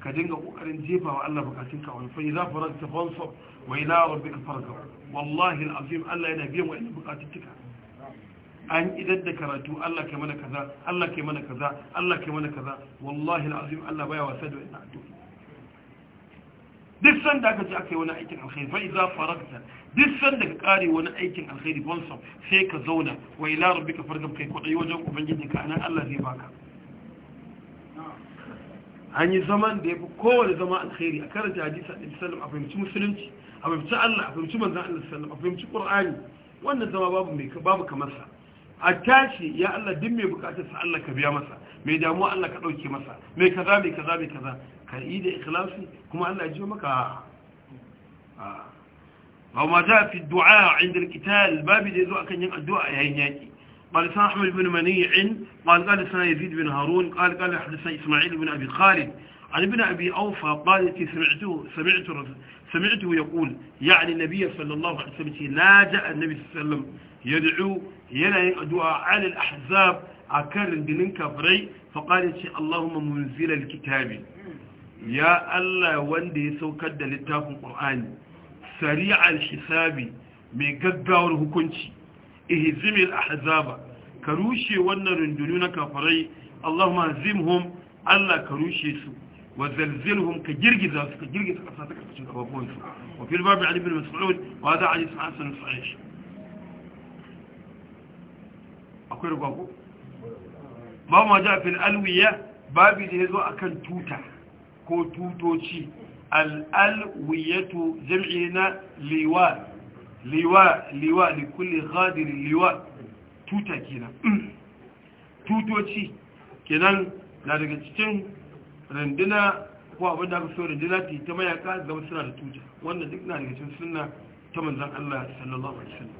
ka dinga kokarin jefa wa Allah ka wani za fa idza faragta fansab wa ila rabbika farghab wallahi alazim Allah yana biyan wa bukatunka an idan da karatu Allah kai mana kaza Allah kai mana kaza Allah kai mana kaza wallahi alazim Allah baya wasa da wannan addu'a duk san da aka ji aka yi wani aikin alkhairi fa idza faragta duk san da ka kare wani aikin alkhairi fansab sai ka zauna wa ila rabbika farghab kai kudi wajen ubangijinka anan Allah zai baka an yi zaman da ya fi kowane zama alkhairi a karanta hadisi a ɗabi a fahimci musulunci a fahimci allah a fahimci manzan allah sallam a fahimci ƙur'ani wannan zama babu mai babu kamar sa a tashi ya allah duk mai buƙatar sa allah ka biya masa mai damuwa allah ka ɗauke masa mai kaza mai kaza mai kaza ka yi da ikhlasi kuma allah ya ji maka a ma za fi du'a inda alkital babu da ya zo akan yin addu'a yayin yaki قال لسان أحمد بن منيع قال قال لسان يزيد بن هارون قال قال حدثنا إسماعيل بن أبي خالد عن ابن أبي أوفى قال سمعته سمعت سمعته يقول يعني النبي صلى الله عليه وسلم لا جاء النبي صلى الله عليه وسلم يدعو يلا دعاء على الأحزاب أكر دين كفري فقال اللهم منزل الكتاب يا الله وندي سوكد للتاف القرآن سريع الحساب من قدار هكونشي ihzimil ahzaba ka rushe wannan runduna na kafirai Allahumma zimhum Allah ka rushe su wa zalzilhum ka girgiza su ka girgiza kasa ta kasashen su wa fil babu ali bin mas'ud wa da ali sa'asan a akwai rubaku ba ma ja fil alwiya babu da akan tuta ko tutoci al alwiyatu jam'i na liwa لواء لواء لكل غادر لواء توتا كنا توتو تشي كنا لذلك تشين رندنا هو أبدا بسور رندنا تي تما يكا زم سنة توتا وانا دقنا لذلك تشين سنة تمن زن الله صلى الله عليه وسلم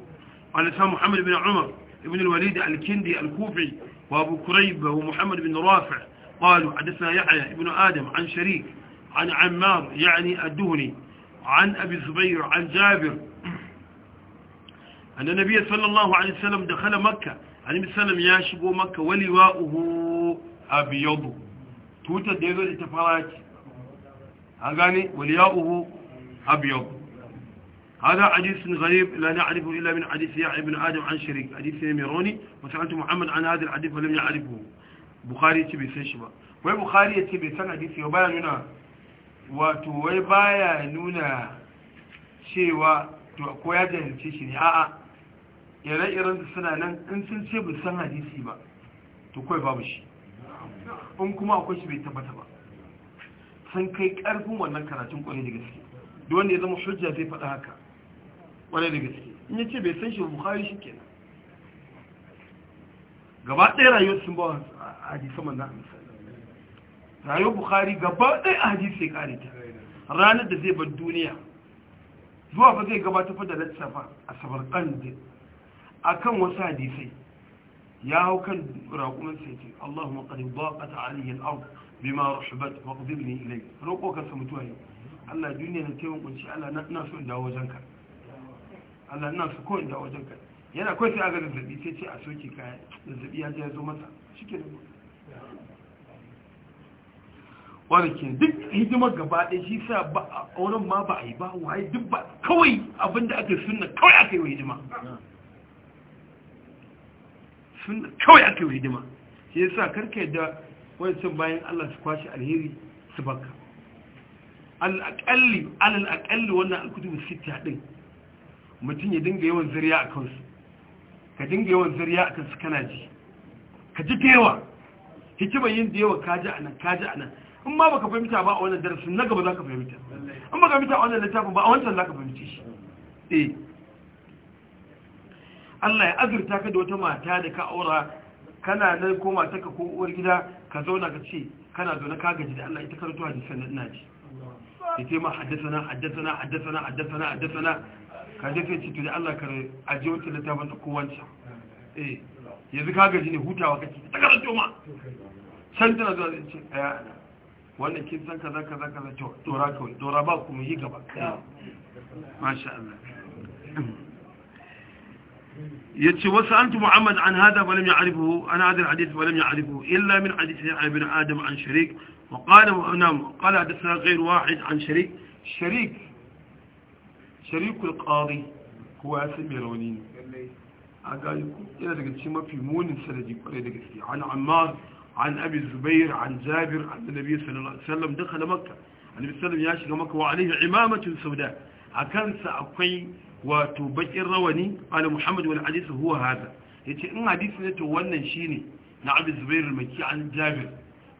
وعلى سلام محمد بن عمر ابن الوليد الكندي الكوفي وابو كريب ومحمد بن رافع قالوا حدثنا يحيى ابن آدم عن شريك عن عمار يعني الدهني عن أبي الزبير عن جابر أن النبي صلى الله عليه وسلم دخل مكة عليه السلام ياشبو مكة ولواؤه أبيض توتا ديزو التفارات أغاني ولياؤه أبيض هذا حديث غريب لا نعرفه إلا من حديث يحيى بن آدم عن شريك حديث ميروني وسألت محمد عن هذا الحديث ولم يعرفه بخاري تبي سنشبا wai bukari ya ce bai san hadisi ba baya nuna wato wai baya nuna cewa to ko ya jahilce shi ne a'a ire-iren su suna nan in sun ce bu san hadisi ba to kawai babu shi in kuma akwai shi bai tabbata ba sun kai karfin wannan karatun kwarai da gaske da wanda ya zama hujja zai faɗa haka kwarai da gaske in ya ce bai san shi bukari shi kenan gaba ɗaya rayuwar sun ba Hadisa man na misali. rayuwar bukari gaba ɗaya a Hadisa ya ƙare ta ranar da zai bar duniya zuwa ba zai gabatar da lissafa a sabarkan akan wasu hadisai ya hau kan raƙumin sai ce Allahumma qad daqat alayya al-ard bima rahabat ne ilai roƙo ka sa mutuwa yau Allah duniya na taimakon kunci Allah na so in dawo ka Allah na so ko in dawo ka yana kawai sai aga zazzabi sai ce a soke kaya zazzabi ya je ya zo masa shike da warke duk hidimar gaba ɗaya shi sa ba a auren ma ba a yi ba waye duk ba kawai abinda aka sunna kawai aka yi wa hidima sunna kawai aka yi hidima shi sa karka yadda sun bayan Allah su kwashe alheri su baka al'aƙalli al'aƙalli wannan alkutubu sita ɗin mutum ya dinga yawan zariya a kansu ka dinga yawan zariya a kansu kana ji ka ji da yawa hikimar yin da yawa kaji a nan kaji a nan in ma baka fahimta ba a wannan darasin na gaba za ka fahimta in baka fahimta a wannan littafin ba a wancan za ka fahimci shi eh Allah ya azurta ka da wata mata da ka aura kana nan ko mata ka ko uwar gida ka zauna ka ce kana zaune ka gaji da Allah ita karanto hadisan nan naji ji yace ma haddathana haddathana haddathana haddathana haddathana ka je to da Allah kare aje wata littafin ta kowanta eh yanzu ka gaji ne hutawa kake ta karanto ma san tana zuwa ce aya wannan kin san kaza kaza kaza to dora kawai dora ba mu yi gaba masha Allah yace wa sa'altu muhammad an hada wa lam ya'rifu an hada alhadith illa min hadith ibn adam an sharik wa qala wa ana qala hadathna ghayr wahid an sharik sharik sharik alqadi huwa asmi ronin aga yuku ina daga cikin mafi munin sanadi kware daga cikin an ammar an abi zubair an jabir an nabi sallallahu alaihi wasallam dakhala makkah ya shiga makkah wa alaihi imamatu sauda akan sa akwai wato bakin rawani ala muhammad wal hadith huwa hada yace in hadisi ne to wannan shine na abu zubair al an jabir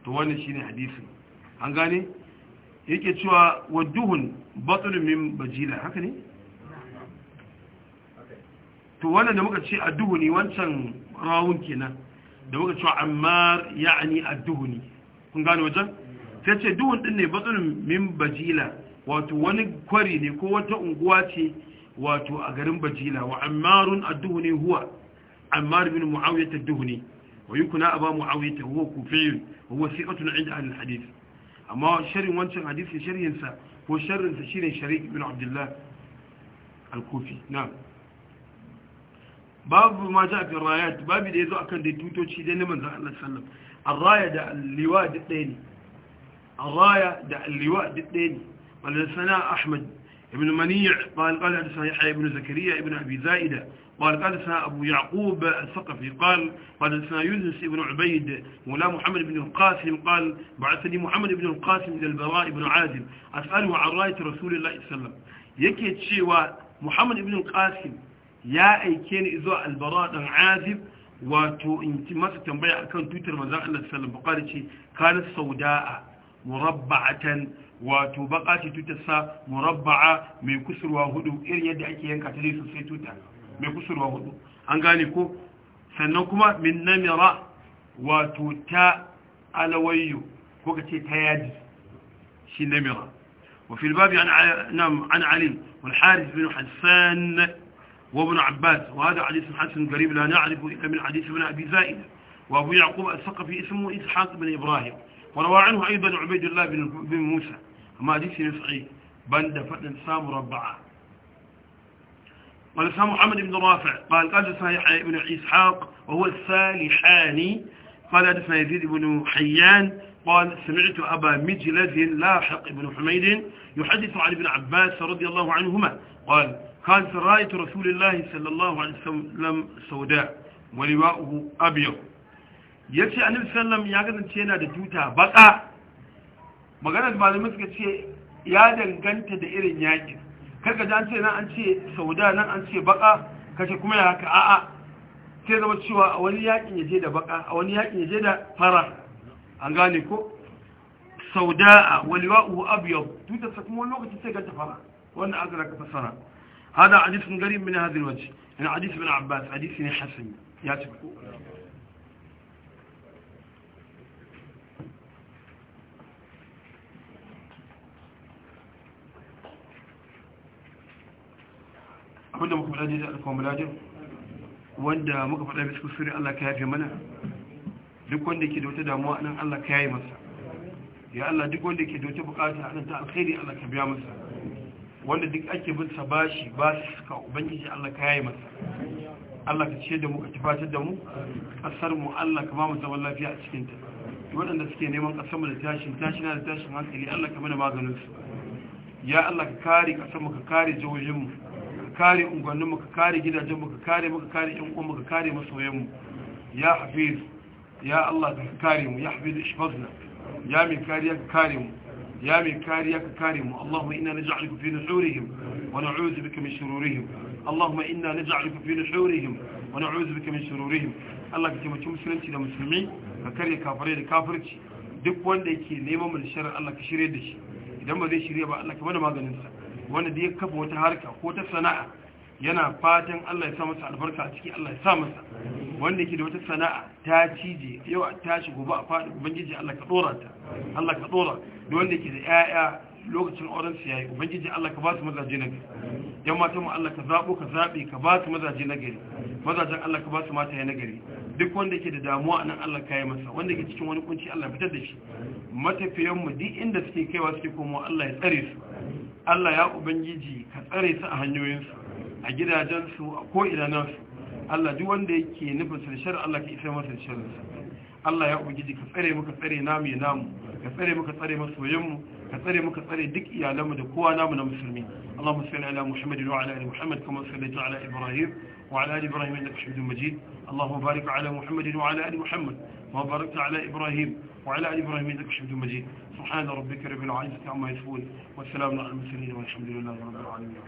to wannan shine hadisi. an gane yake cewa waduhun batul min bajila haka ne to wannan da muka ce adduhuni wancan rawun kenan da muka cewa ammar ya'ani adduhuni kun gane wajen sai ce duhun din ne batul min bajila wato wani kwari ne ko wata unguwa ce wato a garin bajila wa ammarun adduhuni huwa ammar bin muawiyah adduhuni wa yukuna aba muawiyah huwa kufiyun wa huwa thiqatun 'inda ahli alhadith amma sharhin wancan hadisi sharhin sa ko sharrin sa shine sharik ibn abdullah al-kufi na'am babu ma ja fi rayat babu da yazo akan da tutoci da na manzon Allah sallallahu alaihi wasallam da al-liwa da ɗaya ne al da al-liwa da ɗaya ne wal sana ahmad ابن منيع قال قال حدثنا يحيى بن زكريا ابن أبي زائدة قال قال حدثنا أبو يعقوب الثقفي قال قال حدثنا يونس بن عبيد مولى محمد بن القاسم قال بعثني محمد بن القاسم إلى البراء بن عازم أسأله عن راية رسول الله صلى الله عليه وسلم yake cewa Muhammad ibn Qasim ya aike ni zuwa albara dan azib wato in ci masa تويتر akan tutar الله Allah sallallahu alaihi wasallam ce كانت سوداء مربعة wato baka ce tutarsa murabba'a mai kusurwa hudu irin yadda ake yanka ta dai sosai tuta mai kusurwa hudu an gane ko sannan kuma min namira wato ta alawayyo ko ka ce ta yadi shi namira وفي الباب عن عن علي والحارث بن حسان وابن عباس وهذا حديث حسن قريب لا نعرف إلا من حديث ابن أبي زائدة وأبو يعقوب الثقفي اسمه إسحاق بن إبراهيم وروى عنه أيضا عبيد الله بن موسى amma hadisi ne sa'i banda faɗin samu rabba'a قال سام محمد بن رافع قال قال صحيح ابن إسحاق وهو الثالحاني قال حدثنا يزيد بن حيان قال سمعت أبا مجلد لاحق بن حميد يحدث عن ابن عباس رضي الله عنهما قال كانت راية رسول الله صلى الله عليه وسلم سوداء ولواءه أبيض يتي أن النبي صلى الله عليه وسلم يقول أن تينا بقى maganar malamin suka ce ya danganta da irin yakin karka ji an ce nan an ce sauda nan an ce baka kashe kuma ya haka a'a sai zama cewa a wani yakin yaje da baka a wani yakin yaje da fara an gane ko sauda'a waliwa'u abyad tuta kuma wani lokaci sai ganta fara wannan aka zaka fasara hada hadithun gari min hadhihi alwajh ina hadith ibn abbas hadith ne hasan ya tabu abinda muka faɗa daidai alfawar muladin wanda muka faɗa bisu suri Allah ka yafe mana duk wanda ke da wata damuwa nan Allah ka yaye masa ya Allah duk wanda ke da wata bukata nan ta alkhairi Allah ka biya masa wanda duk ake bin sa bashi ba su suka ubangiji Allah ka yaye masa Allah ka ce da mu ka tafatar da mu kasar mu Allah ka ba mu zaman lafiya a cikin ta waɗanda suke neman kasar mu da tashin tashina da tashin hankali Allah ka mana maganin su ya Allah ka kare kasar mu ka kare jihohin mu kare unguwannin mu ka kare gidajen mu ka kare mu kare yan uwan mu ka kare masoyan mu ya hafiz ya Allah ka kare mu ya hafiz ishfazna ya min kariya ka kare mu يا من كاريك كارم اللهم إنا نجعلك في نحورهم ونعوذ بك من شرورهم اللهم إنا نجعلك في نحورهم ونعوذ بك من شرورهم الله كما تمسلمتي للمسلمين فكاري da كافرتي duk wanda yake neman mu da Allah ka shirye da shi idan ba zai shirye ba Allah ka bada maganin sa wanda da ya kafa wata harka ko ta sana'a yana fatan Allah ya sa masa albarka a ciki Allah ya sa masa wanda yake da wata sana'a ta cije yau a tashi gobe a faɗi ubangiji Allah ka dora ta Allah ka dora da wanda yake da yaya lokacin auren su yayi ubangiji Allah ka ba su mazaje na gari yan matan mu Allah ka zabo ka zabe ka ba su mazaje na gari mazajen Allah ka ba su mata na gari duk wanda yake da damuwa nan Allah ka yi masa wanda yake cikin wani kunci Allah fitar da shi matafiyan mu duk inda suke kaiwa suke komo Allah ya tsare su Allah ya ubangiji ka tsare su a hanyoyinsu a gidajensu a ko'ina nasu Allah duk wanda yake nufin sirshar Allah ka isa masa sirshar Allah ya ubangiji ka tsare muka tsare namu ya namu ka tsare muka tsare masoyanmu ka tsare muka tsare duk iyalanmu da kowa namu na musulmi Allahumma salli ala Muhammadin wa ala ali Muhammad kama sallaita ala Ibrahim wa وعلى Ibrahim إبراهيم إنك حميد مجيد اللهم بارك على محمد وعلى آل محمد وباركت على Ibrahim. وعلى آل إبراهيم إنك حميد مجيد سبحان ربك رب العزة عما يصفون والسلام على المرسلين والحمد لله رب العالمين